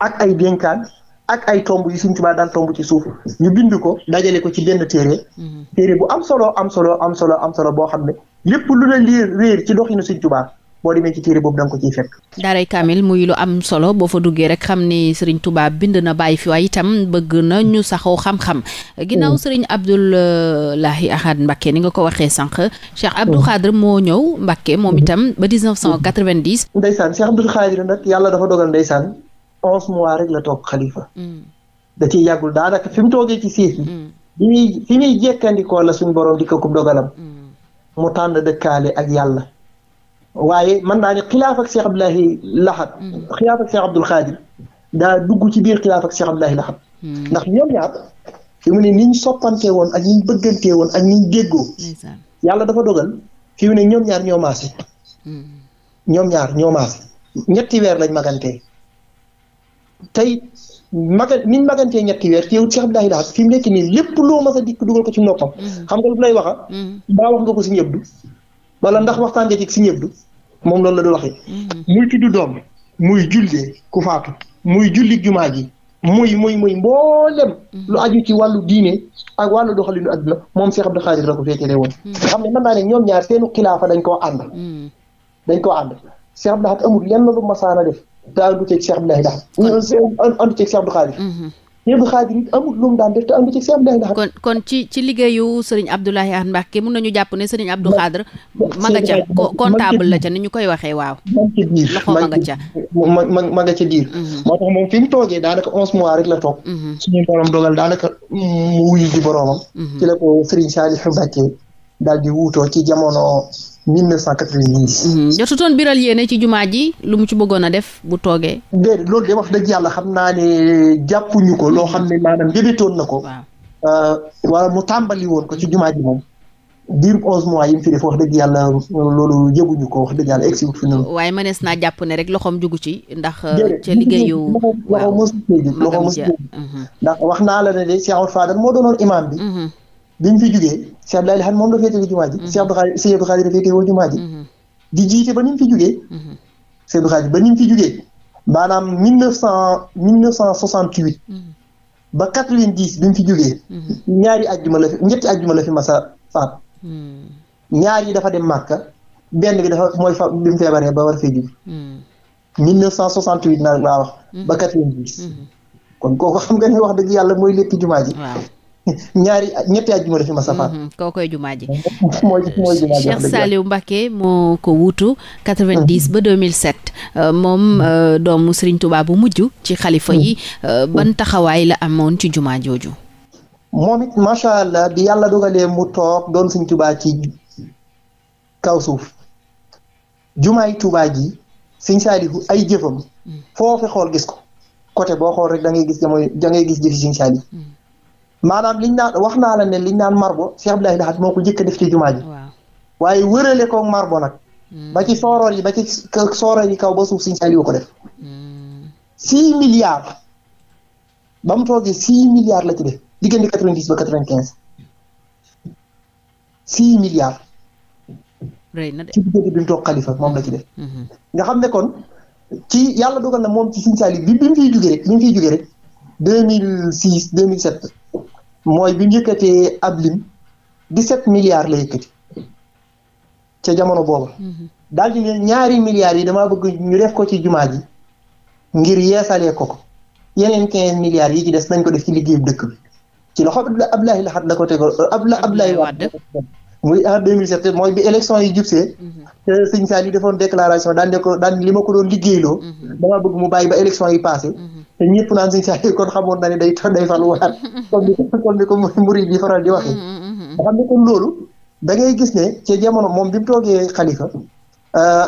ak ay dénkaan ak ay tomb yu Sëriñ Tuubaa daan tomb ci suuf ñu bind ko dajale ko ci benn téere. téere bu am solo am solo am solo am solo boo xam ne lépp lu ne liir réer ci doxinu Sëriñ Tuubaa boo demee ci téere boobu da nga ko ciy fekk. daaray kaamil muy lu am solo boo fa duggee rek xam ni Serigne tubaab bind na bàyyi fi waaye itam bëgg na ñu saxoo xam-xam. ginnaaw mm. Serigne Abdoulahi Ahad Mbacké ni nga ko waxee sànq. Cheikh Abdou mm. Khadre moo ñëw Mbacké moom mm. itam ba 1990. ndeysaan Cheikh Abdou Khadre nag yàlla dafa dogal ndeysaan onze mois rek la toog xalifa. da ciy yàggul daa fi mu toogee ci siif bi. bi muy fi muy jekkandikoo la suñu borom di ko dogalam. mu tànn dëkkaale ak yàlla. waaye man naa ne xilaaf ak Cheikh Abdoulahi Lahad mm. xilaaf ak Cheikh Abdoul dugg ci biir xilaaf ak Cheikh Abdoulahi Lahad mm. ndax ñoom ñaar fi mu ne ni ñu soppantee woon ak ni ñu woon ak ni ñu déggoo yàlla dafa dogal fi mu ne ñoom ñaar ñoo maase mm. ñoom ñaar ñoo ñetti weer lañ magantee tey maga niñ magantee ñetti weer teewul Cheikh Abdoulahi Lahad fi mu nekk nii lépp loo mas dikk dugal ko ci noppam xam nga lu lay waxa daa wax nga ko si ñëpp wala ndax waxtaan nga ci si ñëpp moom loolu la du waxee. Mm-hmm. muy tudd doom muy jullee ku faatu muy julli jumaa ji muy muy muy mboolem. Mm-hmm. lu aju ci wàllu diine ak wàllu doxalinu adduna moom Cheikh Abdou Khadir la ko féetee woon. Mm-hmm. nga xam ne mën naa ne ñoom ñaar seenu xilaafa dañ koo ànd. dañ koo ànd Cheikh Abdou Khadir amul lenn lu masaana def te àndu ceeg Cheikh Abdou Khadir Sëñ Abdou Khadre it amul lu ci Sëñ sëriñ Ndaxate. kon kon ci ci liggéeyu Serigne Abdoulaye Mbacké mun nañu jàpp ne Serigne Abdou Khadre. ma nga ca comptable la ca ni ñu koy waxee waaw. loxo ma nga ca ma ma ma nga ca diir. Mhm. moo tax moom fi mu toogee daanaka onze mois rek la toog. Mhm. suñu borom dogal daanaka mu wuyu di boromam. Mhm. ci la ko Serigne Saliou Mbacké daal di wuutoo ci jamono. 1990. Mhm. jotutoon biral yéene ci jumaa ji lu mu ci bëggoon a def bu toogee. déedéet loolu de wax dëgg yàlla xam naa ne jàppuñu ko loo xam ne maanaam yëbitoon na ko. waaw euh, wala mu tàmbali woon ko ci jumaa ji moom. diir onze mois yi mu fi def wax dëgg yàlla loolu yëguñu ko wax dëgg yàlla egsi fi waaye mënees naa jàpp ne rek loxoom jugu ci. ndax euh, ca liggéeyu loxo mos loxo mos ndax wax naa la ne de Cheikh Fadal moo doonoon imaam bi. Mhm. bi mu fi jugee Cheikh Abdoulaye Khan moom la féetewoo jumaa ji. Mm-hmm. Cheikh Abdou Khadre Cheikh Abdou Khadre féetewoo jumaa ji. Mm-hmm. di jiite ba ni mu fi jugee. Mm-hmm. Cheikh Abdou Khadre ba ni mu fi jugee maanaam mille neuf cent mille neuf cent soixante huit. ba quatre vingt dix bi mu fi jugee. ñaari ajjuma la fi ñetti ajjuma la fi masa faat. ñaar yi dafa dem Màkka benn bi dafa mooy fa bi mu feebaree ba war a fee jugee. mille neuf cent soixante huit naa laa wax. ba quatre vingt dix. kon kooku xam nga ne wax dëgg yàlla mooy lépp jumaa ji. <laughs> ñaari ñetti àjjuma dafi ma safaar mhm, koo koy jumaa ji <laughs> mooy mooy jumaa ji Cheikh Saliou Mbacké moo ko wuutu 90 mhm. ba 2007 euh, moom mhm. euh, doomu Serigne Touba bu mujj ci xalifa yi euh, ban taxawaay la amoon ci jumaa jooju moom it macha allah bi yàlla dogalee mu toog doon Serigne Touba ci kaw suuf jumaay Touba ji Serigne Saliou ay jëfam foofu xool gis ko côté boo xool rek da ngay gis jamono da gis jëfi Serigne Saliou maanaam liñ naan wax naa la ne liñ naan marbo Cheikh Abdoulaye moo ko njëkk a def ci jumaa ji waaye wërale ko marbo nag hmm. ba ci sooroor yi ba ci sooroor yi kaw ba suuf Serigne Saliou ko def hmm. six milliards ba toogee six milliards la ci def diggante quatre-vingt-dix ba quatre-vingt-quinze na de ci diggante bi mu toog xalifa moom la ci def hmm. nga xam ne kon ci yàlla dogal na moom ci Serigne Saliou bi bi mu fiy jóge rek bi mu fiy deux mille six mooy bi mu yëkkatee ab lim 17 milliards la yëkkati ca jamono booba. Mhm. daal di ñaari milliards yi dama bëgg ñu def ko ci jumaa ji ngir yeesalee ko ko yeneen 15 milliards yi ci des nañ ko def ci liggéeyu dëkk bi ci loxo Abdoulaye Lahat la ko tegoo Abdoulaye Wade muy en 2007 mooy bi élection yi jubsee mhm. te sëñ Sall yi defoon déclaration daan ne ko daan li ma ko doon liggéeyloo mhm. damaa bëgg mu bàyyi ba élection yi passé te ñëpp naan si saa yi kon xamoon na ne day to day faluwaat comme <laughs> ni comme ni ko murid yi faral di waxee mm, mm, mm, nga xam ne kon loolu da ngay gis ne ci jamono moom bi mu toogee xalifa euh,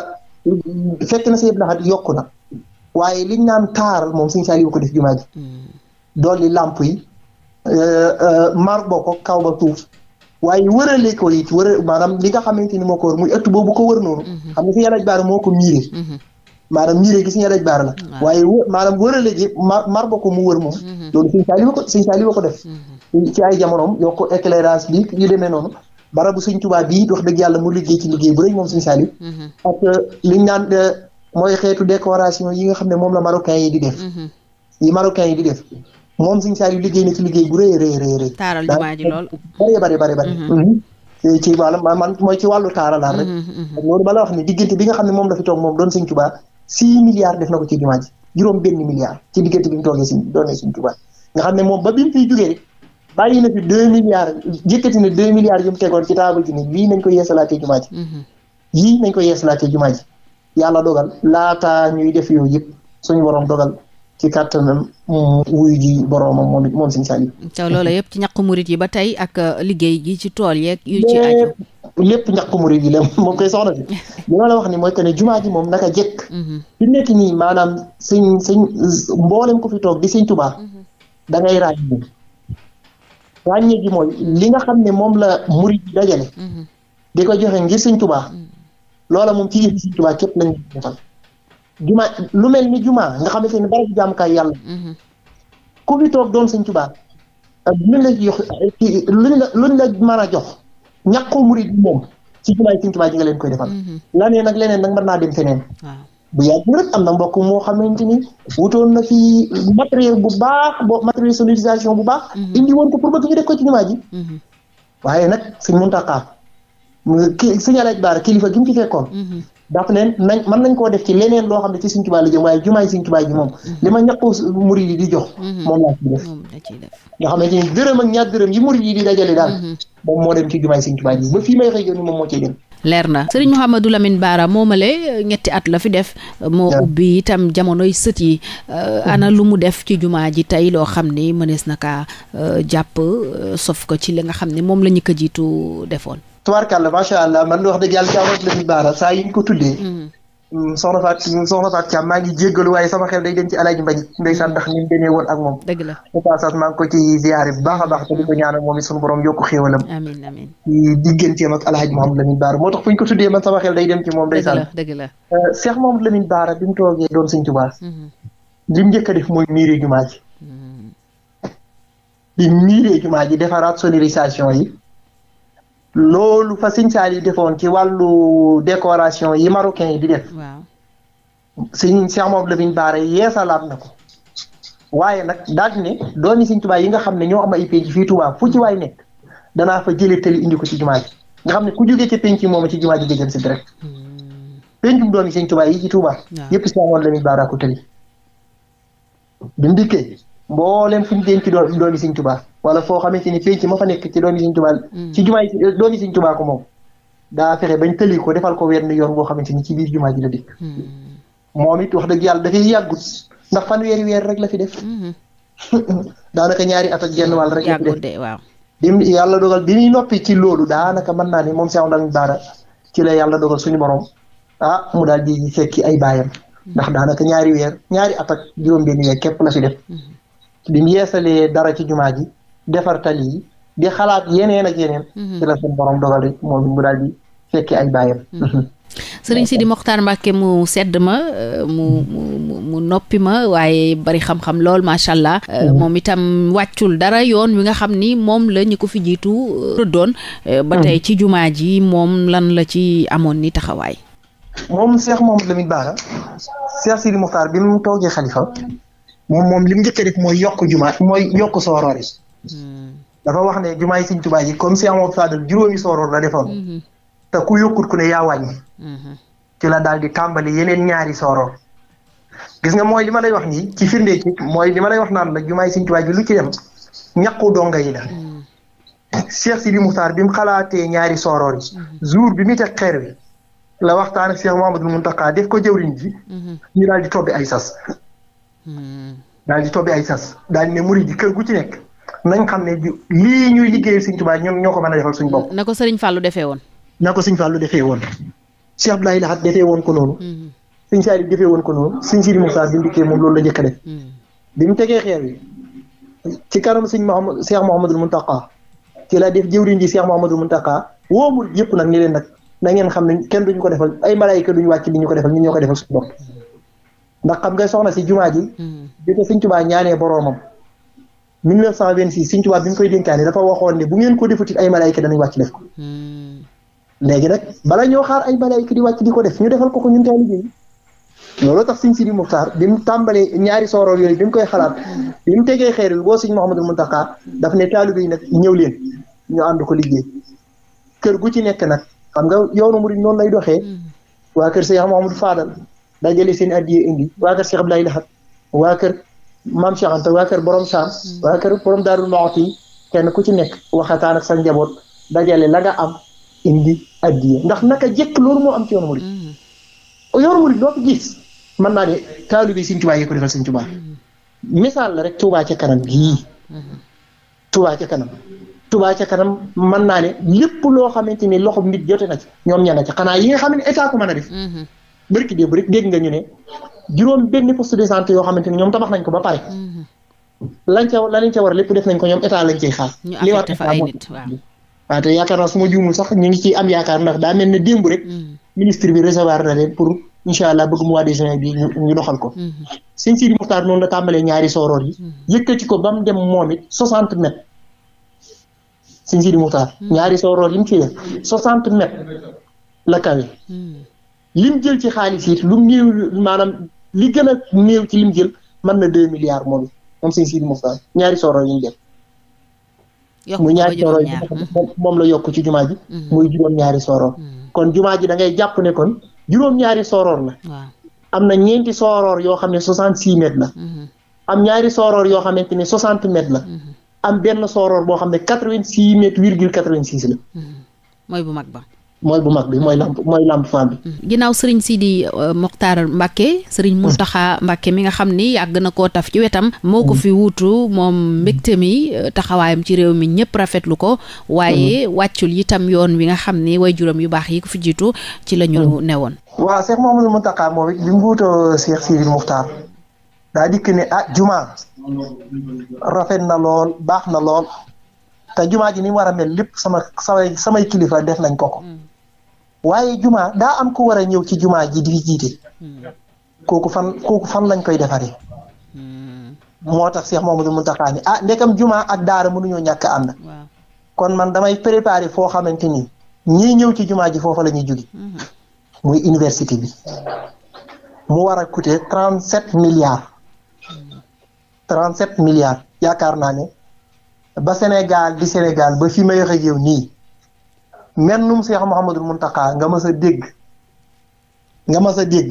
fekk na Sëñ Abdul Ahad yokku na waaye liñ naan taaral moom Sëñ Saaliw ko def jumaa ji dolli làmp yi euh, euh, mar boo ko kaw ba suuf waaye a ko it wër maanaam li nga xamante ni moo ko wër muy ëtt boobu ko wër noonu mm-hmm. xam nga fi yàlla baar moo ko miire mm-hmm. maanaam ñii de gis ñee daj baara la waaye maanaam wërale a ma mar bokk mu wër moom mm-hmm. loolu sëñ Saliou ko ko def mm-hmm. ci ay jamonoom yokk éclairage bi yu demee noonu barabu sëñ Tuubaa bii wax dëgg yàlla mu liggéey ci liggéey bu rëy moom sëñ mm-hmm. euh, yi nga xam la marocain yi di def moom sëñ Saliou liggéey na ci liggéey bu rëy rëy rëy bari bari bari bari euh, ci wàllu mooy ci wàllu taaralaar rek loolu ma la wax ne diggante bi nga xam ne moom la fi toog moom doon sëñ Tuubaa six milliards def na ko ci jumaa ji juróom benn milliard ci diggante bi mu toogee suñ doonee suñ Tuubaa nga xam ne moom ba bi mu fiy jógee bàyyi na fi deux milliards jëkkati na deux milliards yu mu tegoon ci taabal ji ne yii nañ ko yeesalaatee jumaa mhm. jumaa ji yàlla dogal laataa ñuy def yooyu yëpp suñu borom dogal ci kàttanam wuyu ji boroomam moom moom suñu te loolu yëpp ci murit yi ba tey ak uh, liggéey gi ci tool yeeg. yu lépp ñàkk murid yi la moom koy soxna si <laughs> li ma la wax ni mooy que ne jumaa ji moom naka jekk mhm. fi nekk nii maanaam sëñ sëñ mboolem ko fi toog di sëñ Tuubaa mhm. da ngay ràññee ràññee gi mooy li nga xam ne moom la murid yi dajale mhm. di ko joxe ngir sëñ Tuubaa loola moom ci yëf sëñ Tuubaa képp lañ defal lu mel ni juma nga xamante ne bari jaamukaay yàlla ku fi toog doon sëñ Tuubaa luñ la jox a jox ñàkkoo murid moom ci jumaay Sëñ Tuubaa nga leen koy defal la mhm. nee nag leneen nag mën na dem feneen bu yàgg rek am na mbokk moo xamante ni wutoon na fi matériel bu baax bo matériel sonorisation bu baax mhm. indi woon ko pour bëgg ñu def ko ci jumaa ji mhm. waaye nag Sëñ Muntaxa ki Sëñ Alaaj Baara kilifa gi mu ci fekkoon daf leen mën nañ koo def ci leneen loo xam ne ci Sëriñ Tuubaa la jëm waaye jumaay Sëriñ Tuubaa ji moom mhm. li ma ñàkku murid yi di jox mhm. moom laa ciy def nga xamante ni ak ñaar dërëm yi murid yi di dajale daal mhm. moom moo dem ci jumaay Sëriñ Tuubaa ji ba fii may xëy yoon moom moo ciy dem leer na sëriñ Mouhamadou Lamine Bara moomale euh, ñetti at la fi def moo ubbi itam jamonoy sët yi euh, ana mm-hmm. lu mu def ci jumaa ji tey loo xam ne mënees na kaa euh, jàpp sof ko ci li nga xam ne moom la ñu ko jiitu defoon tubaarkàlla macha allah man wax dëgg yàlla caawa la ñu baara saa yi ñu ko tuddee. soxna Faat soxna Faat Thiam maa ngi jéggalu waaye sama xel day dem ci alaaji Mbañ ndeysaan ndax ni mu demee woon ak moom. dëgg la bu passage maa ngi ko ci ziare a moom it suñu borom yokk xéewalam. amiin ci digganteem ak alaaji Mouhamadou Lamine moom. ndeysaan dëgg Baara bi toogee doon sëñ Tuubaa. li mu a def mooy miiree jumaa ji. di miiree yi. loolu fa Sëñ Saaliw defoon ci wàllu décoration yi marocain yi di def Sëñ Cheikh Mouhamadou Lamine Bara yeesalaat na ko waaye nag daal ne doomi Sëñ Tuubaa yi nga xam ne ñoo am ay fi fii Tuubaa fu ci waay nekk danaa fa jëlee tëli indi ko ci jumaa ji nga xam ne ku jógee ca penc moom ci jumaa ji jëm si direct hmm. pencum doomi Sëñ Tuubaa yi ci Tuubaa yépp Cheikh Mouhamadou Lamine Bara tëli bi mu mbooleem fu ñu denc doon doomi Sëñ Tuubaa wala foo xamante ni penc ma fa nekk ci doomi Sëñ Tuubaa mm. ci jumaa yi doomi Sëñ Tuubaa ko moom daa fexe bañ tëli ko defal ko wenn yoon boo xamante ni ci biir jumaa ji la dëkk mm. moom it wax dëgg yàlla dafay yàggut ndax fanweeri weer rek la fi def mm-hmm. <laughs> daanaka ñaari at ak genn rek la fi def yàlla dogal bi muy noppi ci loolu daanaka mën naa ne moom Seex Lamin Baara ci la yàlla dogal suñu borom ah mu daal di fekki ay baayam mm-hmm. ndax daanaka ñaari weer ñaari at ak juróom-benn weer képp la fi def mm-hmm. bi mu yeesalee dara ci jumaa ji defar tali yi di xalaat yeneen ak yeneen. Mhm. ci la suñu borom dogal moom mu daal di fekki ay baayam. Mhm. sëriñ Sidi Mokhtar Mbacké mu sedd ma euh, mu mu noppi ma waaye bari xam-xam lool macha allah. Euh, mhm. moom itam wàccul dara yoon wi nga xam ni moom la ñu ko fi jiitu euh, doon. ba tey ci jumaa ji moom lan la ci amoon ni taxawaay. moom Cheikh Mouhamadou Lamine Bara Cheikh Sidi Mokhtar bi mu toogee xalifa moom moom li mu njëkk def mooy yokk jumaa mooy yokk sooroor yi hmm. dafa wax ne jumaa yi Sëñ Tuubaa yi comme si amoon Fadal juróomi sooroor la defoon hmm. te ku yokkut ku ne yaa wàññi hmm. ci la daal di tàmbali yeneen ñaari sooroor gis nga mooy li ma lay wax nii ci firnde ci mooy li lay wax naan la jumaay Sëñ Tuubaa ji lu ci dem ñàkku donga yi la Cheikh Sidi Muxtaar bi mu xalaatee ñaari sooroor yi bi mu te xeer wi la waxtaan ak du Mouhamadul Muntaqa def ko jëwriñ ji ñu daal di tobbi ay sas daal di toobbi ay sas daal ne murid yi kër gu ci nekk nañ xam ne lii ñuy liggéey Sëriñ Tuubaa ñoo ko man a defal suñu bopp. na ko Sëriñ Fallou defee woon. na ko Sëriñ Fallou defee woon. Cheikh Abdoulaye Lahat defee woon ko noonu. Mm-hmm. Sëriñ Saliou defee woon ko noonu Sëriñ Sidi Moussa bi mu moom loolu la njëkk a def. Mm-hmm. bi mu tegee xeer yi ci kanam Sëriñ Mouhamad Cheikh Mouhamadul Mountakha ci la def jëwriñ ji Cheikh Mouhamadul Mountakha woo murid yëpp nag ni leen nag na ngeen xam ne kenn duñu ko defal ay malaayika duñu wàcc ñu ko defal ñun ñoo ko defal suñu bopp ndax xam nga soxna si jumaa ji. Hmm. bi ko Sëñ Tuubaa ñaanee boroomam. 1926 Sëñ Tuubaa bi mu koy dénkaane dafa waxoon ne bu ngeen ko defutit ay malaayika danañ wàcc def ko. Hmm. léegi nag bala ñoo xaar ay malaayika di wàcc di ko def ñu defal ko ko ñu taalibe yi. loolu tax Sëñ Sidi Muxtaar bi mu tàmbalee ñaari sooroor yooyu bi mu koy xalaat bi mu tegee xeer yi boo Sëñ mu Muntaqa daf ne taalibe yi nag ñëw leen ñu ànd ko liggéey. kër gu ci nekk nag xam nga yoonu murid noonu lay doxee. Hmm. waa kër Sëñ Muhammadu Faadal dajale seen addiye indi waa kër Cheikh lay Lahad waa kër maam Cheikh Anta waa kër borom saam mm. waa kër borom Daarul Muxti yi kenn ku ci nekk waxataan sax njaboot dajale la nga am indi addiye ndax naka jëkk loolu moo am ci yoonu murid mm. yoonu murid doo ko gis mën naa ne taalibe Sëñ Tuubaa yee ko defal Sëñ Tuubaa mm. misaal la rek Tuubaa ca kanam gii mm-hmm. Tuubaa ca kanam Tuubaa ca kanam mën naa ne lépp loo xamante ni loxo nit jote na ci ñoom ña a ca xanaa yi nga xam ne état ko mën a def mm-hmm. bëri ki démb rek dégg nga ñu ne juróom benn poste de santé yoo xamante ni ñoom tabax nañ ko ba pare. Mm-hmm. lañ ca la lañ ca lépp def nañ ko ñoom état lañ cay xaar. ñu affecté fa ay nit waaw waaw te yaakaar naa su ma juumul sax ñu ngi ci am yaakaar ndax daa mel ne démb rek. Mm-hmm. ministre bi recevoir na leen pour incha allah bëgg mois de juin bi ñu doxal ko. Mm-hmm. sëñ Sidi Muxtaar noonu la tàmbalee ñaari sooroor yi. yëkkati ko ba mu dem moom it 60 mètres. sëñ Sidi Muxtaar ñaari sooroor yi mu ciy def 60 mètres la kawe. lim jël ci xaalis it lu néew maanaam li gën a néew ci lim jël man na deux milliards moom moom sëñ Sidi Moustapha ñaari sooro yi ñu def mu ñaari sooro yi moom la yokk ci jumaa ji mm-hmm. muy juróom-ñaari sooroor mm-hmm. kon jumaa ji da ngay jàpp ne kon juróom-ñaari sooroor la am na ñeenti sooroor yoo xam ne soixante six mètres la mm-hmm. am ñaari sooroor yoo xamante ne soixante mètres la am benn sooroor boo xam ne quatre vingt six mètres virgule quatre vingt six la mooy mooy bu mag bi mooy làmp mooy làmp faal bi. Mm-hmm. ginnaaw sëriñ Sidi euh, Mokhtar Mbacke sëriñ mu mm. Mountakha Mbacke mi nga xam ni yàgg na koo taf ci wetam. moo ko mm. fi wuutu moom mbégte mi euh, taxawaayam ci réew mi ñëpp rafetlu ko. waaye mm-hmm. wàccul itam yoon wi nga xam ni way juróom yu baax yi ko fi jiitu ci la ñu mm-hmm. newoon. waaw Cheikh Mouhamadou Mountakha moom it bi mu wuutoo Cheikh Sidi Mokhtar daa dikk ne ah juma rafet na lool baax na lool te juma ji ni mu war a mel lépp sama samay kilifa def nañ ko ko. Mm. waaye jumaa daa am ku war a ñëw ci jumaa ji di jiite hmm. kooku fan kooku fan lañ koy defaree hmm. moo tax Cheikh Mamadou mun ni ah ndekam jumaa ak daara mënuñoo ñàkk ànd kon man damay préparer foo xamante ni ñiy ñëw ci jumaa ji foofu la ñuy jóge hmm. muy université bi mu war a coûter trente sept milliards trente sept milliards yaakaar naa ne ba Sénégal di Sénégal ba fi may wax ak yow nii mennum Seex Muhammadul Muntaqa nga mas a dégg nga mas a dégg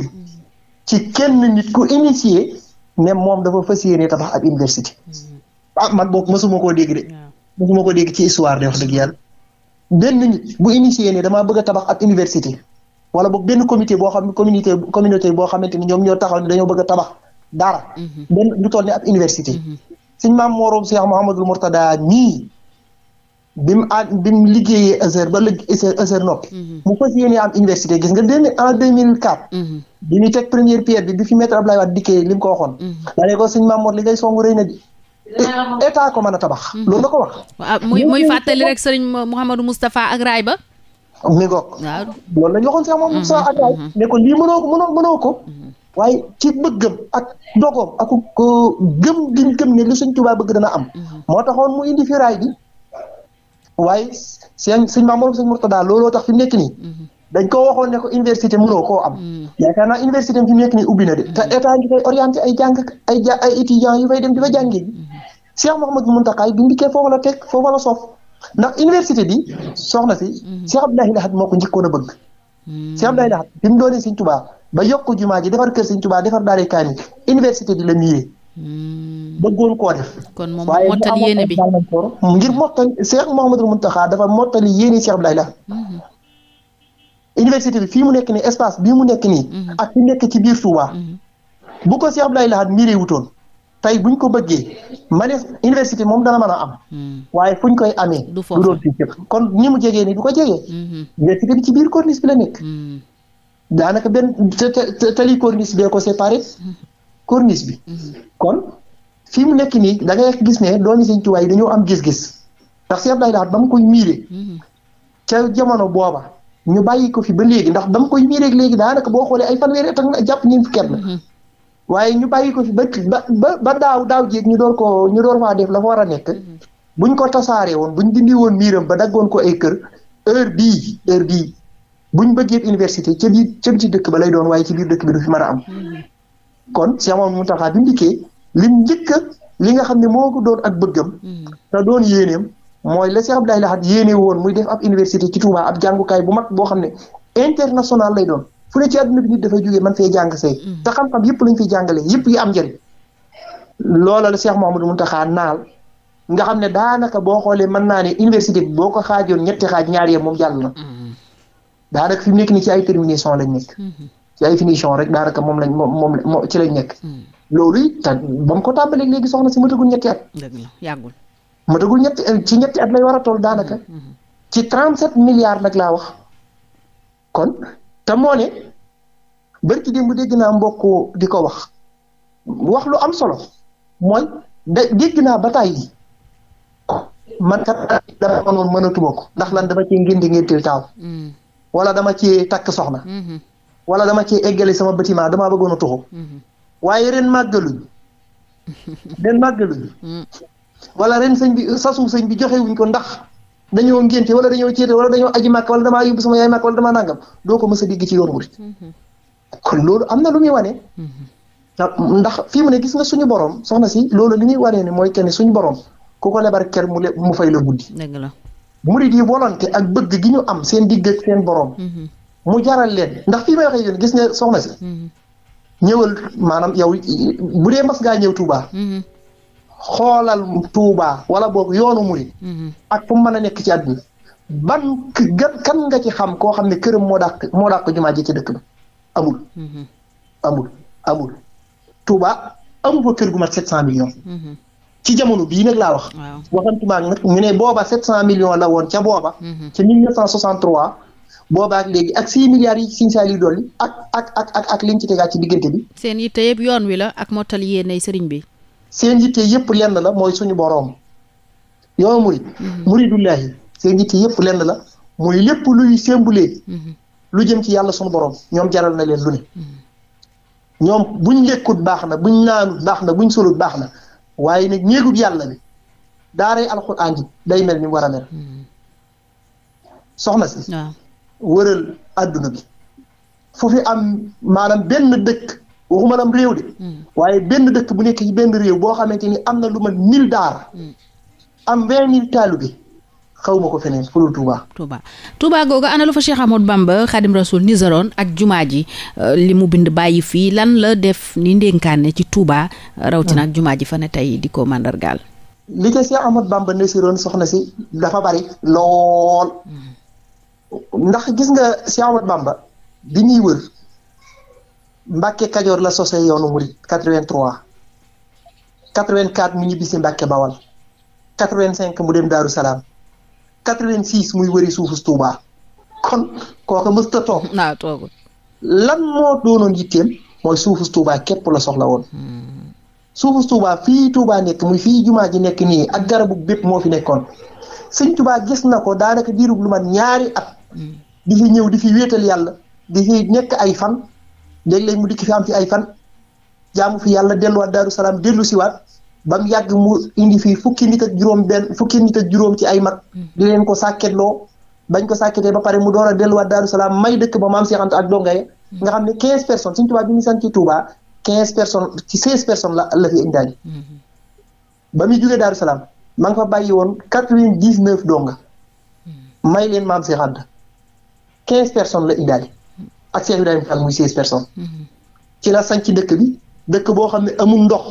ci kenn nit ku initier ne moom dafa fas yéene tabax ak université mm-hmm. ah man boog masuma koo dégg de masuma koo dégg ci histoire de wax dëgg yàlla benn nit bu initié ne damaa bëgg tabax ak université wala boog benn comité boo xam communauté communauté boo xamante ni ñoom ñoo taxaw ni dañoo bëgg a tabax dara mm-hmm. benn lu toll ne ab université mm-hmm. suñ maam mooroom Seex Muhammadul Murtada nii bi mu a bi mu liggéeyee Azer ba léegi Azer noppi. Mhm. mu fas yéene am université gis nga deux mille en deux quatre. Mhm. bi ñu teg première pierre bi bi fi maître Abdoulaye Wade dikkee li ko waxoon. Mhm. na ko a tabax. loolu la ko wax. waaw ah, muy muy fàttali rek ba. mi ngoog. waaw loolu la ñu sax moom Moustapha ak Raay. ne ko lii ko mënoo mënoo ko. waaye ci bëggam ak dogoom ak gi gëm ne lu sëñ Tuubaa bëgg am. moo taxoon mu indi fi raay bi waaye seen sëñ Maam Mor sëñ Mourtada looloo tax fi mu nekk nii. Mhm. dañ koo waxoon ne ko université mënoo ko am. Mhm. yaakaar naa université fi mu nekk nii ubbi na de. te mhm. état orienté ay jàng ay ja ay yu fay dem di fa jàngee. Cheikh Mouhamadou Mountakha bi mu dikkee foofu la teg foofu la soof ndax université bi soxna si. Cheikh Abdoulaye Lahad moo ko njëkkoon a bëgg. Cheikh Abdoulaye Lahad bi mu doonee Sëñ Tuubaa ba yokk jumaa ji defar kër Sëñ Tuubaa defar daal kaani université di la nuyee. Hmm. bëggoon koo def. kon moom mottali yéene bi ngir mottali Cheikh Mouhamadou Mountakha dafa mottali yéene Cheikh Abdoulaye Laye. Hmm. université bi fii mu nekk nii espace bii mu nekk nii. Hmm. ak fi nekk ci biir Touba. bu ko Cheikh Abdoulaye Laye miiree tey buñ ko bëggee ma def université moom dana mën am. waaye fuñ koy amee. du doon fii képp ko jegee. université bi biir corniche bi la nekk. daanaka benn te tali corniche bee ko séparé. corniche bi. kon fi mu nekk nii da ngay gis ne doomi Sëñ Tuubaa yi dañoo am gis-gis ndax Cheikh day daal ba mu koy miire. ca jamono booba ñu bàyyi ko fi ba léegi ndax ba koy miireeg léegi daanaka boo xoolee ay fanweeri at ak jàpp ñeent fukki waaye ñu bàyyi ko fi ba ba ba daaw daaw jéeg ñu door ko ñu door faa def la fa war a nekk. buñ ko tasaaree woon buñ dindi woon miiram ba daggoon ko ay kër heure bii heure bii buñ bëggee université ca biir ca biir dëkk ba lay doon waaye ci biir dëkk bi du fi mën a am. kon Cheikh Mouhamadou Mountakha bi mu dikkee lim njëkk li nga xam ne moo ko doon ak bëggam. Hmm. te doon yéeneem mooy la Cheikh Abdoulaye Lahad yéene woon muy def a université ci Touba ab jàngukaay bu mag boo xam ne international lay doon fu ne ci àdduna bi nit jógee man fee jàng say. Hmm. te xam-xam yëpp lañ fiy jàngalee yëpp yi am njëriñ. loolo la moom Cheikh Mouhamadou Mountakha naal. nga xam ne daanaka boo xoolee mën naa ne université boo ko xaajoon ñetti xaaj ñaar yee moom jàll na hmm. daanaka fi mu nekk nii ci ay termination lañ nekk ci ay finition rek daanaka moom lañ moom moom moo ci lañ nekk. Hmm. loolu te ba mu ko tàmbalee léegi soxna si matagul ñetti at. dëgg la yàggul. matagul ñetti eh, ci ñetti at lay war a toll daanaka. Hmm, hmm, ci 37 milliards nag laa wax. kon te moo ne barki démb dégg naa mbokk di ko wax wax lu am solo mooy da dégg naa bataay yi man kat dama mënoon mënatuma ko ndax lan dama cee ngénte ngénteel taaw. wala dama ci takk soxna. wala dama cee eggale sama bâtiment damaa bëggoon a tuxu mhm. waaye ren màggaluñ <laughs> ren màggaluñ mm. wala ren sëñ bi sasu sëñ bi joxewuñ ko ndax dañoo ngénte wala dañoo céete wala dañoo aji màkk wala damaa yóbbu sama yaay màkk wala damaa nàngam doo ko mës a dégg ci yoon murit mhm. kon loolu am na lu muy wane mhm. ndax fii mu ne gis nga suñu borom soxna si loolu li muy wane ne mooy kenn suñu borom ku ko lebar ker mu le mu fay la guddi. dëgg la murit yi volonté ak bëgg gi ñu am seen digg ak mu jaral leen ndax fii may waxee yéen gis nga soxna si. Mm-hmm. ñëwal maanaam yaw bu dee mas ngaa ñëw Touba. Mm-hmm. xoolal Touba wala boog yoonu Mouride. Mm-hmm. ak fu mu mën a nekk ci àdduna. ban kan nga ci xam koo xam ne kër moo dàq moo dàq jumaa ji ci dëkk bi amul. amul amul Touba amul fa kër gu mat 700 millions. ci jamono bii nag laa wax. waxantuma nag ñu ne booba 700 millions la woon ca booba. ca 1963. boobaak léegi ak 6 milliards yi Serigne Saliou dolli ak ak ak ak ak liñ ci tegaat ci diggante bi. seen yitte yëpp yoon wi lenn la mooy suñu boroom yow murid mm-hmm. muridullahi seen yitte yëpp lenn la mooy lépp luy sembulee mm-hmm. lu jëm ci yàlla suñu boroom ñoom jaral na leen lu ne. Mm-hmm. ñoom buñ lekkut baax na buñ naanut baax na buñ solut baax na waaye nag ñeegub yàlla bi daaray alxuraan ji day mel ni war a mel soxna si. wëral adduna bi fu fi am maanaam benn dëkk waxuma la am réew de. Hmm. waaye benn dëkk bu nekk ci benn réew boo xamante ni am na lu man mille daara. Hmm. am vingt mille taalibe xaw ma ko feneen fu dul Touba. Touba Touba googu ana lu fa Cheikh Ahmadou Bamba Khadim Rasoul ak jumaa ji euh, li mu bind bàyyi fii lan la def ni ndénkaane ci Touba. rawatina ak hmm. jumaa ji fa ne tey di ko màndargaal. li ca Cheikh Ahmadou Bamba soxna si dafa bari lool. ndax gis nga Cheikh Ahmadou Bamba di muy wër Mbàkke Kajoor la sosé yoonu murit 83 84 mu ñibbi si Mbàkke Bawal mu dem Daaru Salaam 86 muy wëri suufus Tuubaa kon kooka mës toog naa toog lan moo doonoon yitteem mooy suufus Tuubaa képp la soxla woon suufus Tuubaa fii Tuubaa nekk muy fii jumaa ji nekk nii ak garabu bépp moo fi nekkoon Sëñ Tuubaa gis na ko daanaka diirub lu mat ñaari at di fi ñëw di fi wéetal yàlla di fi nekk ay fan léeg-léeg mu dikk fi am fi ay fan jaamu fi yàlla delluwaat daaru salaam dellu siwaat ba mu yàgg mu indi fii fukki nit ak juróom benn fukki nit ak juróom ci ay mag di leen ko sàkketloo bañ ko sàkketee ba pare mu door delluwaat daaru salaam may dëkk ba maam Seex Anta ak dongaye nga xam ne quinze personnes suñ tubaab bi ñu sant ci Touba quinze personnes ci seize personnes la la fi indaaji ba muy jógee daaru salaam ma nga fa bàyyi woon quatre-vingt-dix-neuf donga may leen maam Seex Anta quinze personnes la indaale ak Cheikh Ibrahima Fall muy seize personnes ci la sañ ci dëkk bi dëkk boo xam ne amul ndox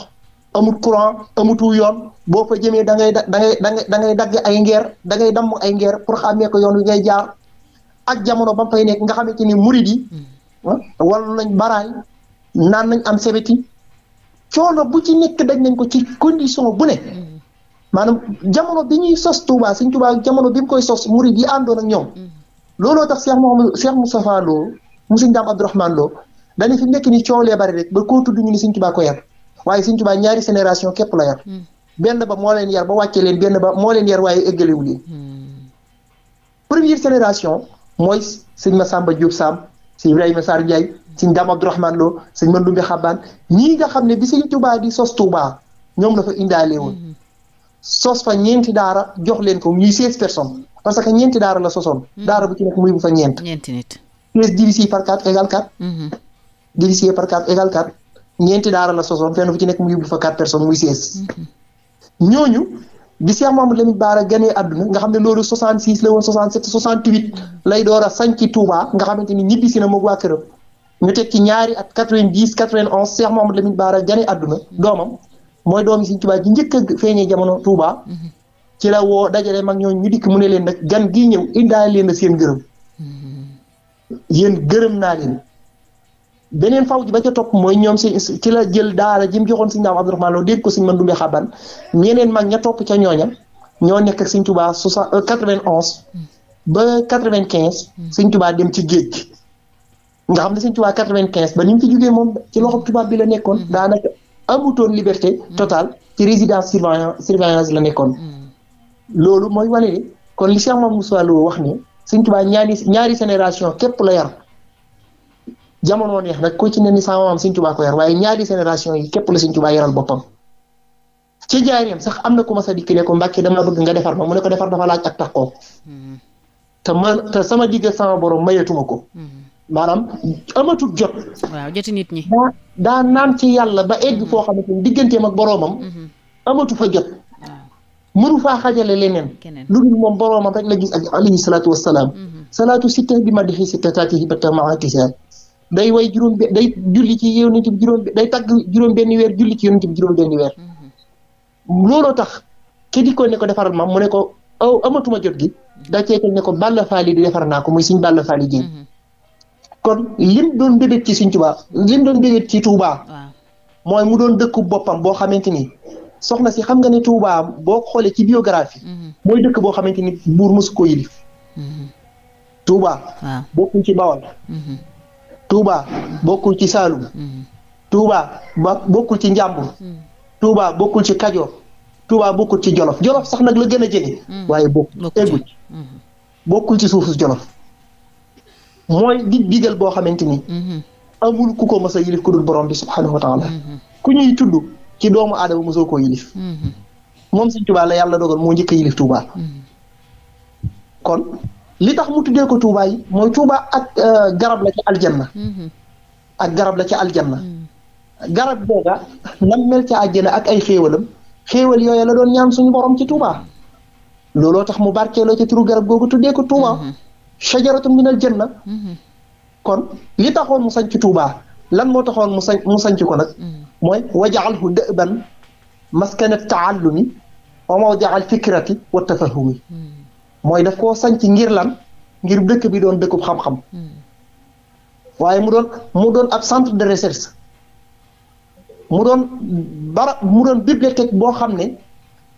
amul courant amutu yoon boo fa jëmee da ngay da ngay da da ngay dagg ay ngeer dangay ngay damm ay ngeer pour xàmmee ko yoon wi ngay jaar ak jamono ba mu fay nekk nga xamante ni murid yi hmm. ah, wàllu nañ baraay naan nañ am sebeti coono bu ci nekk dañ nañ ko ci condition bu ne hmm. maanaam jamono bi ñuy sos Touba Sëñ Touba jamono bi koy sos murid yi àndoon ak ñoom hmm. looloo tax Cheikh Mouhamadou Cheikh Moustapha Lo mu sëñ Daam Abdourahmane Lo dañu fi nekk nii coow lee bari rek ba ko tudd ñu ni sëñ Tuubaa ko yar waaye sëñ Tuubaa ñaari génération képp la yar hmm. benn ba moo leen yar ba wàcce leen benn ba moo leen yar waaye eggalewu leen hmm. première génération mooy sëñ Massamba Diop Sam sëñ Ibrahima Sarr Ndiaye sëñ Daam Abdourahmane Lo sëñ Mandumbe Xabaan ñii nga xam ne bi sëñ Tuubaa di sos Tuubaa ñoom la fa indaale woon hmm. sos fa ñeenti daara jox leen ko ñuy seize personnes parce que ñeenti daara la sosoon. Mm. daara bu ci nekk muy bu fa ñeent. ñeenti nit. treize divisé par quatre mm-hmm. par quatre égal quatre. ñeenti daara la sosoon fenn fu ci nekk mu yóbbu fa quatre personnes muy seize. Mm-hmm. ñooñu bi Cheikh Mamadou Lamine Bara ganee àdduna nga xam ne loolu 66 la woon 67 68 mm-hmm. lay door a sànci Touba nga xamante ni ñibbi si na moog waa këram ñu teg ci ñaari at 90 91 Cheikh Mamadou Lamine Bara ganee àdduna doomam mooy doomi Sëriñ Touba ji njëkk a feeñee jamono ci la woo dajale mag ñooñ ñu dikk mu ne leen nag gan gi ñëw indaale leen na seen gërëm yéen gërëm naa leen beneen faw ji ba ca topp mooy ñoom si ci la jël daal ji mu joxoon sëñ Daam Abdourahmane Lo dégg ko sëñ Mandoumbe Xaban ñeneen mag ña topp ca ñooña ñoo nekk ak sëñ Tuubaa soixante euh, quatre-vingt-onze ba quatre-vingt-quinze sëñ dem ci nga xam ne sëñ Tuubaa quatre-vingt-quinze ba ni mu fi jógee moom ci loxob tubaab bi la nekkoon mm-hmm. daanaka amutoon liberté totale ci résidence surveillance la nekkoon mm-hmm. loolu mooy wane kon li Cheikh Mamadou Moussa Lo wax ne Sëñ Tuubaa ñaari ñaari génération képp la yar jamono neex nag ku ci ne ni sama maam Sëñ Tuubaa ko yar waaye ñaari sénération yi képp la Sëñ Tuubaa yaral boppam ci yam sax am na ku ma sa dikk ne ko Mbàkke dama bëgg nga defar ma mu ne ko defar dafa laaj ak taxaw mm-hmm. te man te sama digg sama borom mayatuma ko mm-hmm. maanaam amatu jot. nit ñi. daa naan ci yàlla ba egg foo xamante ni digganteem ak boroomam. Mm-hmm. amatu fa jot. mënu faa xajale leneen lu dul moom boroomam rek la gis ak alayhi salaatu wassalaam mhm. salaatu sitta bi ma dixi sitta taatihi batta maatisa day way juróom benn day julli ci yonent bi juróom day tagg juróom benn weer julli ci yonent bi juróom benn weer mhm. looloo tax ke di ne ko defaral ma mu ne ko oh, amatuma jot gi mhm. da ceetal ne ko bàlla faali di defar naa ko muy suñ bàlla faali jéem kon lim doon mbébét ci suñ Tuubaa lim doon mbébét ci Tuubaa mooy mu doon dëkku boppam boo xamante ni soxna si xam nga ne tuubaa boo xoolee ci biographie. Mhm. mooy dëkk boo xamante ni buur mësu ko yilif. Mhm. Touba. waaw ci Bawol. Mhm. Touba bokkul ci Saalum. Touba bokkul ci Njàmbur. tuubaa bokkul ci Kajoor. Touba bokkul ci Jolof Jolof sax nag la gën a jege. waaye bokkul ci suufu Jolof. mooy di digal boo xamante ni. amul ku ko mës yilif ku dul borom bi subxanahu wa ku ñuy tudd. ci doomu mu mosoo ko yilif mhm. moom sëñ Tuubaa la yàlla dogal moo njëkk a yilif Tuubaa mhm. kon li tax mu tuddee ko Tuubaa yi mooy Tuubaa ak euh, garab la ci aljanna mhm. ak garab la ci aljanna garab booga nam mel ca àjjana ak ay xéewalam xéewal yooyu la doon ñaan suñ borom ci Tuubaa looloo tax mu barkeeloo ca turu garab googu tuddee ko Tuubaa shajaratun minal janna kon li taxoon mu sañc Tuubaa lan moo taxoon mu sañ mu sañc ko nag mooy wajalhu dëban maskana taallumi wa mawdia al fikrati wa tafahumi mooy daf koo sanc ngir lan ngir dëkk bi doon dëkkub xam-xam waaye mu doon mu doon ab centre de recherche mu doon bara mu doon bibliothèque boo xam ne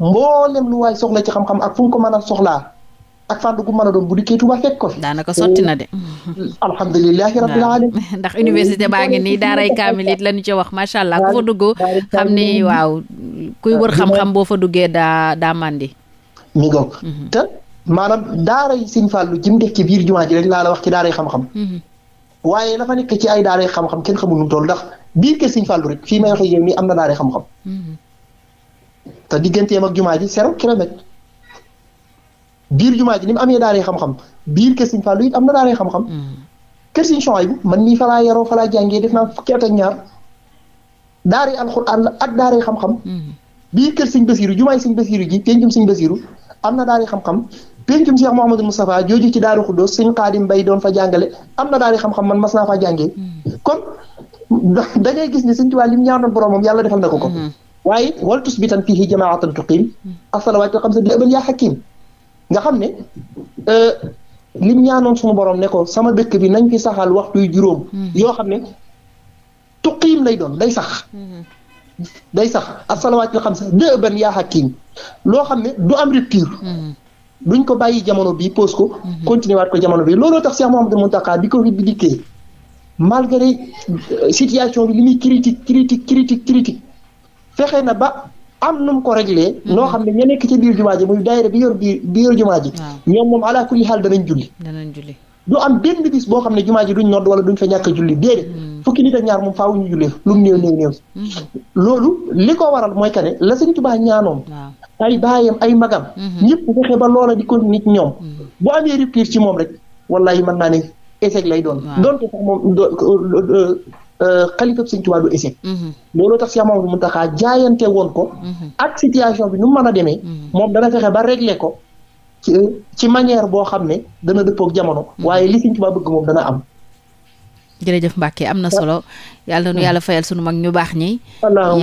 mboolem lu waay soxla ci xam-xam ak fu mu ko mën a soxlaa ak fànn gu mën a doon bu dikkee Tuuba fekk ko fi. daanaka sotti na de. Oh. alhamdulilah rabbil alamin <laughs> ndax baa ngi nii daaray kaamil it la ñu ci wax macha allah ku fa dugg xam ni waaw kuy wër xam-xam boo fa duggee daa daa màndi. mi ngoog mhm. te maanaam daaray Sëñ Fallu jim def ci biir jumaa ji rek laa la wax ci daaray xam-xam. Mhm. waaye dafa nekk ci ay daaray xam-xam kenn xamul nu mu toll ndax biir kër Sëñ Fallu rek fii may waxee yow nii am na daaray xam-xam. Mhm. te digganteem ak jumaa ji zéro kilomètre. biir jumaa ji ni amee daaree xam-xam biir kër Sëñ Fallou it am na xam-xam. Mm. kër Sëñ Chouaïbou man mii falaa yaroo falaa jàngee def naa fukki at ak ñaar daaree alxuraan la ak daaree xam-xam. Mm. biir kër Sëñ Basiru jumaay Sëñ Basiru ji pencum Sëñ Basiru am na daaree xam-xam. pencum Cheikh Mouhamadou Moustapha jooju ci Daaru Xuddoos Sëñ Xaadim Mbay doon fa jàngale am na daaree xam-xam man mas naa faa jàngee. Mm. kon da ngay gis ne Sëñ Tuubaa li mu ñaanoon yàlla defal na ko ko. waaye waltus bi tan fii jamaatan tuqiim asalawaatu xam sa di ëbal yaa xakiim nga xam ne euh, li ñaanoon suma boroom ne ko sama dëkk bi nañ fi saxal waxtuy juróom. Hmm. yoo xam ne tuqiim lay doon day sax. Hmm. day sax asalawaatu xam sax deux benn yaa hakiim loo xam ne du am rupture. Hmm. duñ ko bàyyi jamono bi pose ko. continuer waat ko jamono bi looloo tax Cheikh Mouhamadou Mountakha bi ko fi bi dikkee malgré euh, situation bi li muy critique critique critique fexe na ba. am nu mu ko réglé. Mm-hmm. noo xam ne ña nekk ci biir jumaa ji muy daayira bi biir biir jumaa ji. ñoom moom ala kulli xaal danañ julli. du am benn bis boo xam ne jumaa ji duñ nodd wala duñ fa ñàkk a julli déedéet. Mm-hmm. fukki nit ak ñaar moom faaw ñu jullee lu néew néew néew. Mm-hmm. loolu li ko waral mooy que ne la sëñ Tuubaa ñaanoon. ay baayam ay magam. ñëpp fexe ba loola di ko nit ñoom. bu amee rupture ci moom rek wallahi mën naa ne échec lay doon. donte sax moom xalifa euh, Sëñ Tuubaa du échec mhm. looloo tax Cheikh Mamadou Mountakha jaayante woon ko mhm. ak situation bi nu man a demee mhm. moom dana fexe ba régler ko ci ci manière boo xam ne dana dëppook jamono waaye li Sëñ Tuubaa bëgg moom dana am jërëjëf Mbacke am na solo yàlla nu hmm. yàlla fayal sunu mag ñu baax ñi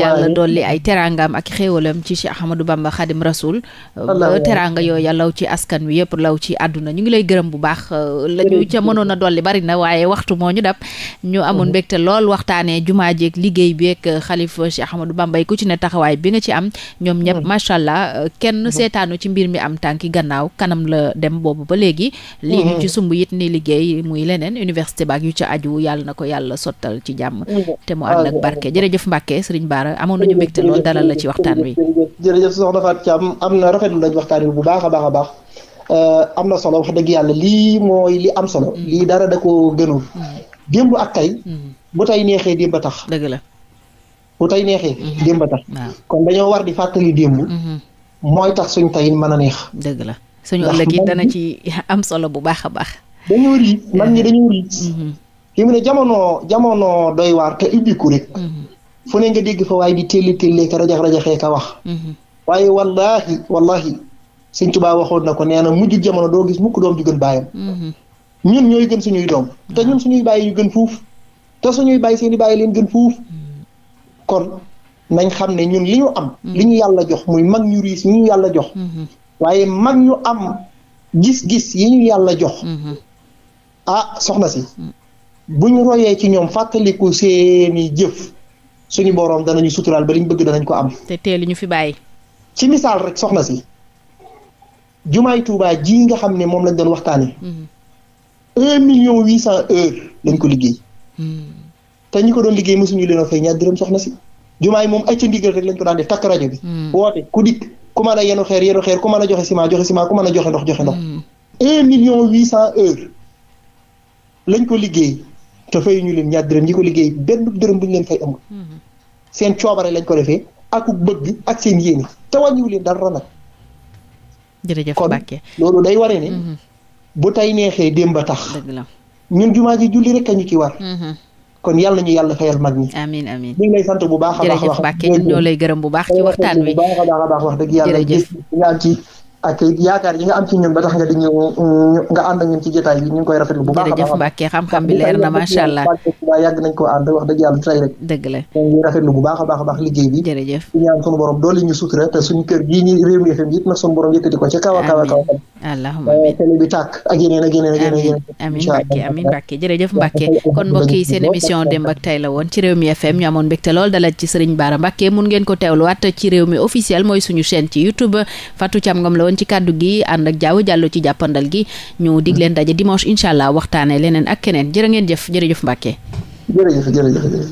yàlla dolli ay teraangaam ak xéewalam ci ci Ahmadou Bamba Khadim Rasoul ba euh, teraanga yooyu yàlla law ci askan wi yëpp law ci àdduna ñu ngi lay gërëm bu baax euh, la ñu ca mënoon a dolli bari na waaye waxtu moo ñu dab ñu amoon hmm. mbégte lool waxtaanee jumaa jeeg liggéey bi ak euh, xalif Cheikh Ahmadou Bamba ku ci ne taxawaay bi nga ci am ñoom ñëpp hmm. macha allah kenn seetaanu ci mbir mi am tànki gannaaw kanam la dem boobu ba léegi lii ñu sumb it ni liggéey muy leneen université baak yu ca aju yàlla na ko yàlla sottal ci jàmm te mu ànd ak barke jërëjëf Mbacke Serigne Bara amoon nañu mbégte lool dalal la ci waxtaan wi. jërëjëf soxna Fatou Thiam am na rafetlu nañ waxtaan wi bu baax a baax a baax euh, am na solo wax dëgg yàlla lii mooy li am solo. Mm. lii dara da koo gënul. Mm. démb ak mm. la. bu tey neexee mm-hmm. démb tax. kon dañoo war di fàttali démb. Mm-hmm. mooy tax suñ tey mën a neex. dëgg la suñu ëllëg yi dana ci am solo bu baax a baax. dañoo riit man ñi dañoo riit. Mm-hmm. fi mu ne jamono jamono doy waar te ubbiku rek. Mhm. fu ne nga dégg fa waaye di telli tellee ka rajax rajaxee ka wax. Mhm. waaye wallaahi wallaahi Sëñ Tuubaa waxoon na ko nee na mujj jamono doo gis mukk doom ju gën baayam. Mhm. ñun ñooy gën suñuy doom. te ñun suñuy bàyyi yu gën fuuf. te suñuy bàyyi seen i bàyyi leen gën fuuf. kon nañ xam ne ñun li ñu am. li ñu yàlla jox muy mag ñu riis ñu yàlla jox. waaye mag ñu am gis-gis yi ñu yàlla jox. ah soxna si. bu ñu royee ci ñoom fàttaliku seeni jëf suñu boroom danañu suturaal ba liñ bëgg danañ ko am. te teel ñu fi bàyyi. ci misaal rek soxna si jumaay Touba ji nga xam ne moom lañ doon waxtaanee. Mm-hmm. un million huit cent heures ko liggéey. Mm-hmm. te ko doon liggéey mosuñu leen a fay ñaar dërëm soxna si. jumaay moom ay ca ndigal rek lañ ko daan def takk rajo bi. Mm-hmm. woote ku dikk ku mën a yenu xeer yenu xeer ku mën a joxe ciment joxe ciment ku mën a joxe ndox joxe ndox. un million huit cent heures lañ ko liggéey. te fayu ñu leen ñaar dërëm ñi liggéey benn dërëm bu ñu leen fay amul. Mhm. seen coobare lañ ko defee ak bëgg ak seen yéene te wàññiwu leen dara nag. jërëjëf Mbacke loolu day waree ne. Mhm. bu tey neexee démb a tax. dëgg la ñun jumaa ji julli rek a ñu ci war. Mhm. kon yàlla ñu yàlla fayal mag ñi. amiin amiin ñu ngi lay sant bu baax a baax. jërëjëf Mbacke bu baax ci waxtaan wi. bu baax a baax a baax ci. ak yaakaar yi ba tax nga di ñu nga ànd ak ñun ci bu baax a baax jërëjëf Mbacke xam-xam bi leer na macha allah waaye yàgg nañ ko la ñu ngi rafetlu bu baax a a baax liggéey bi jërëjëf ñu ñaan sunu borom doole ñu sutura te suñu kër gii ñuy a a eh, kon mbokk seen émission démb ak la woon ci Rewmi FM ñu mun ngeen ko teewluwaat ci Rewmi officiel mooy suñu chaîne ci YouTube Fatou Thiam Ngom la woon ci kaddu gi ànd ak jaaw jàllo ci jàppandal gi ñu dig leen daje dimanche incha allah waxtaane leneen ak keneen jërë ngeen jëf jërëjëf Mbacke jërëjëf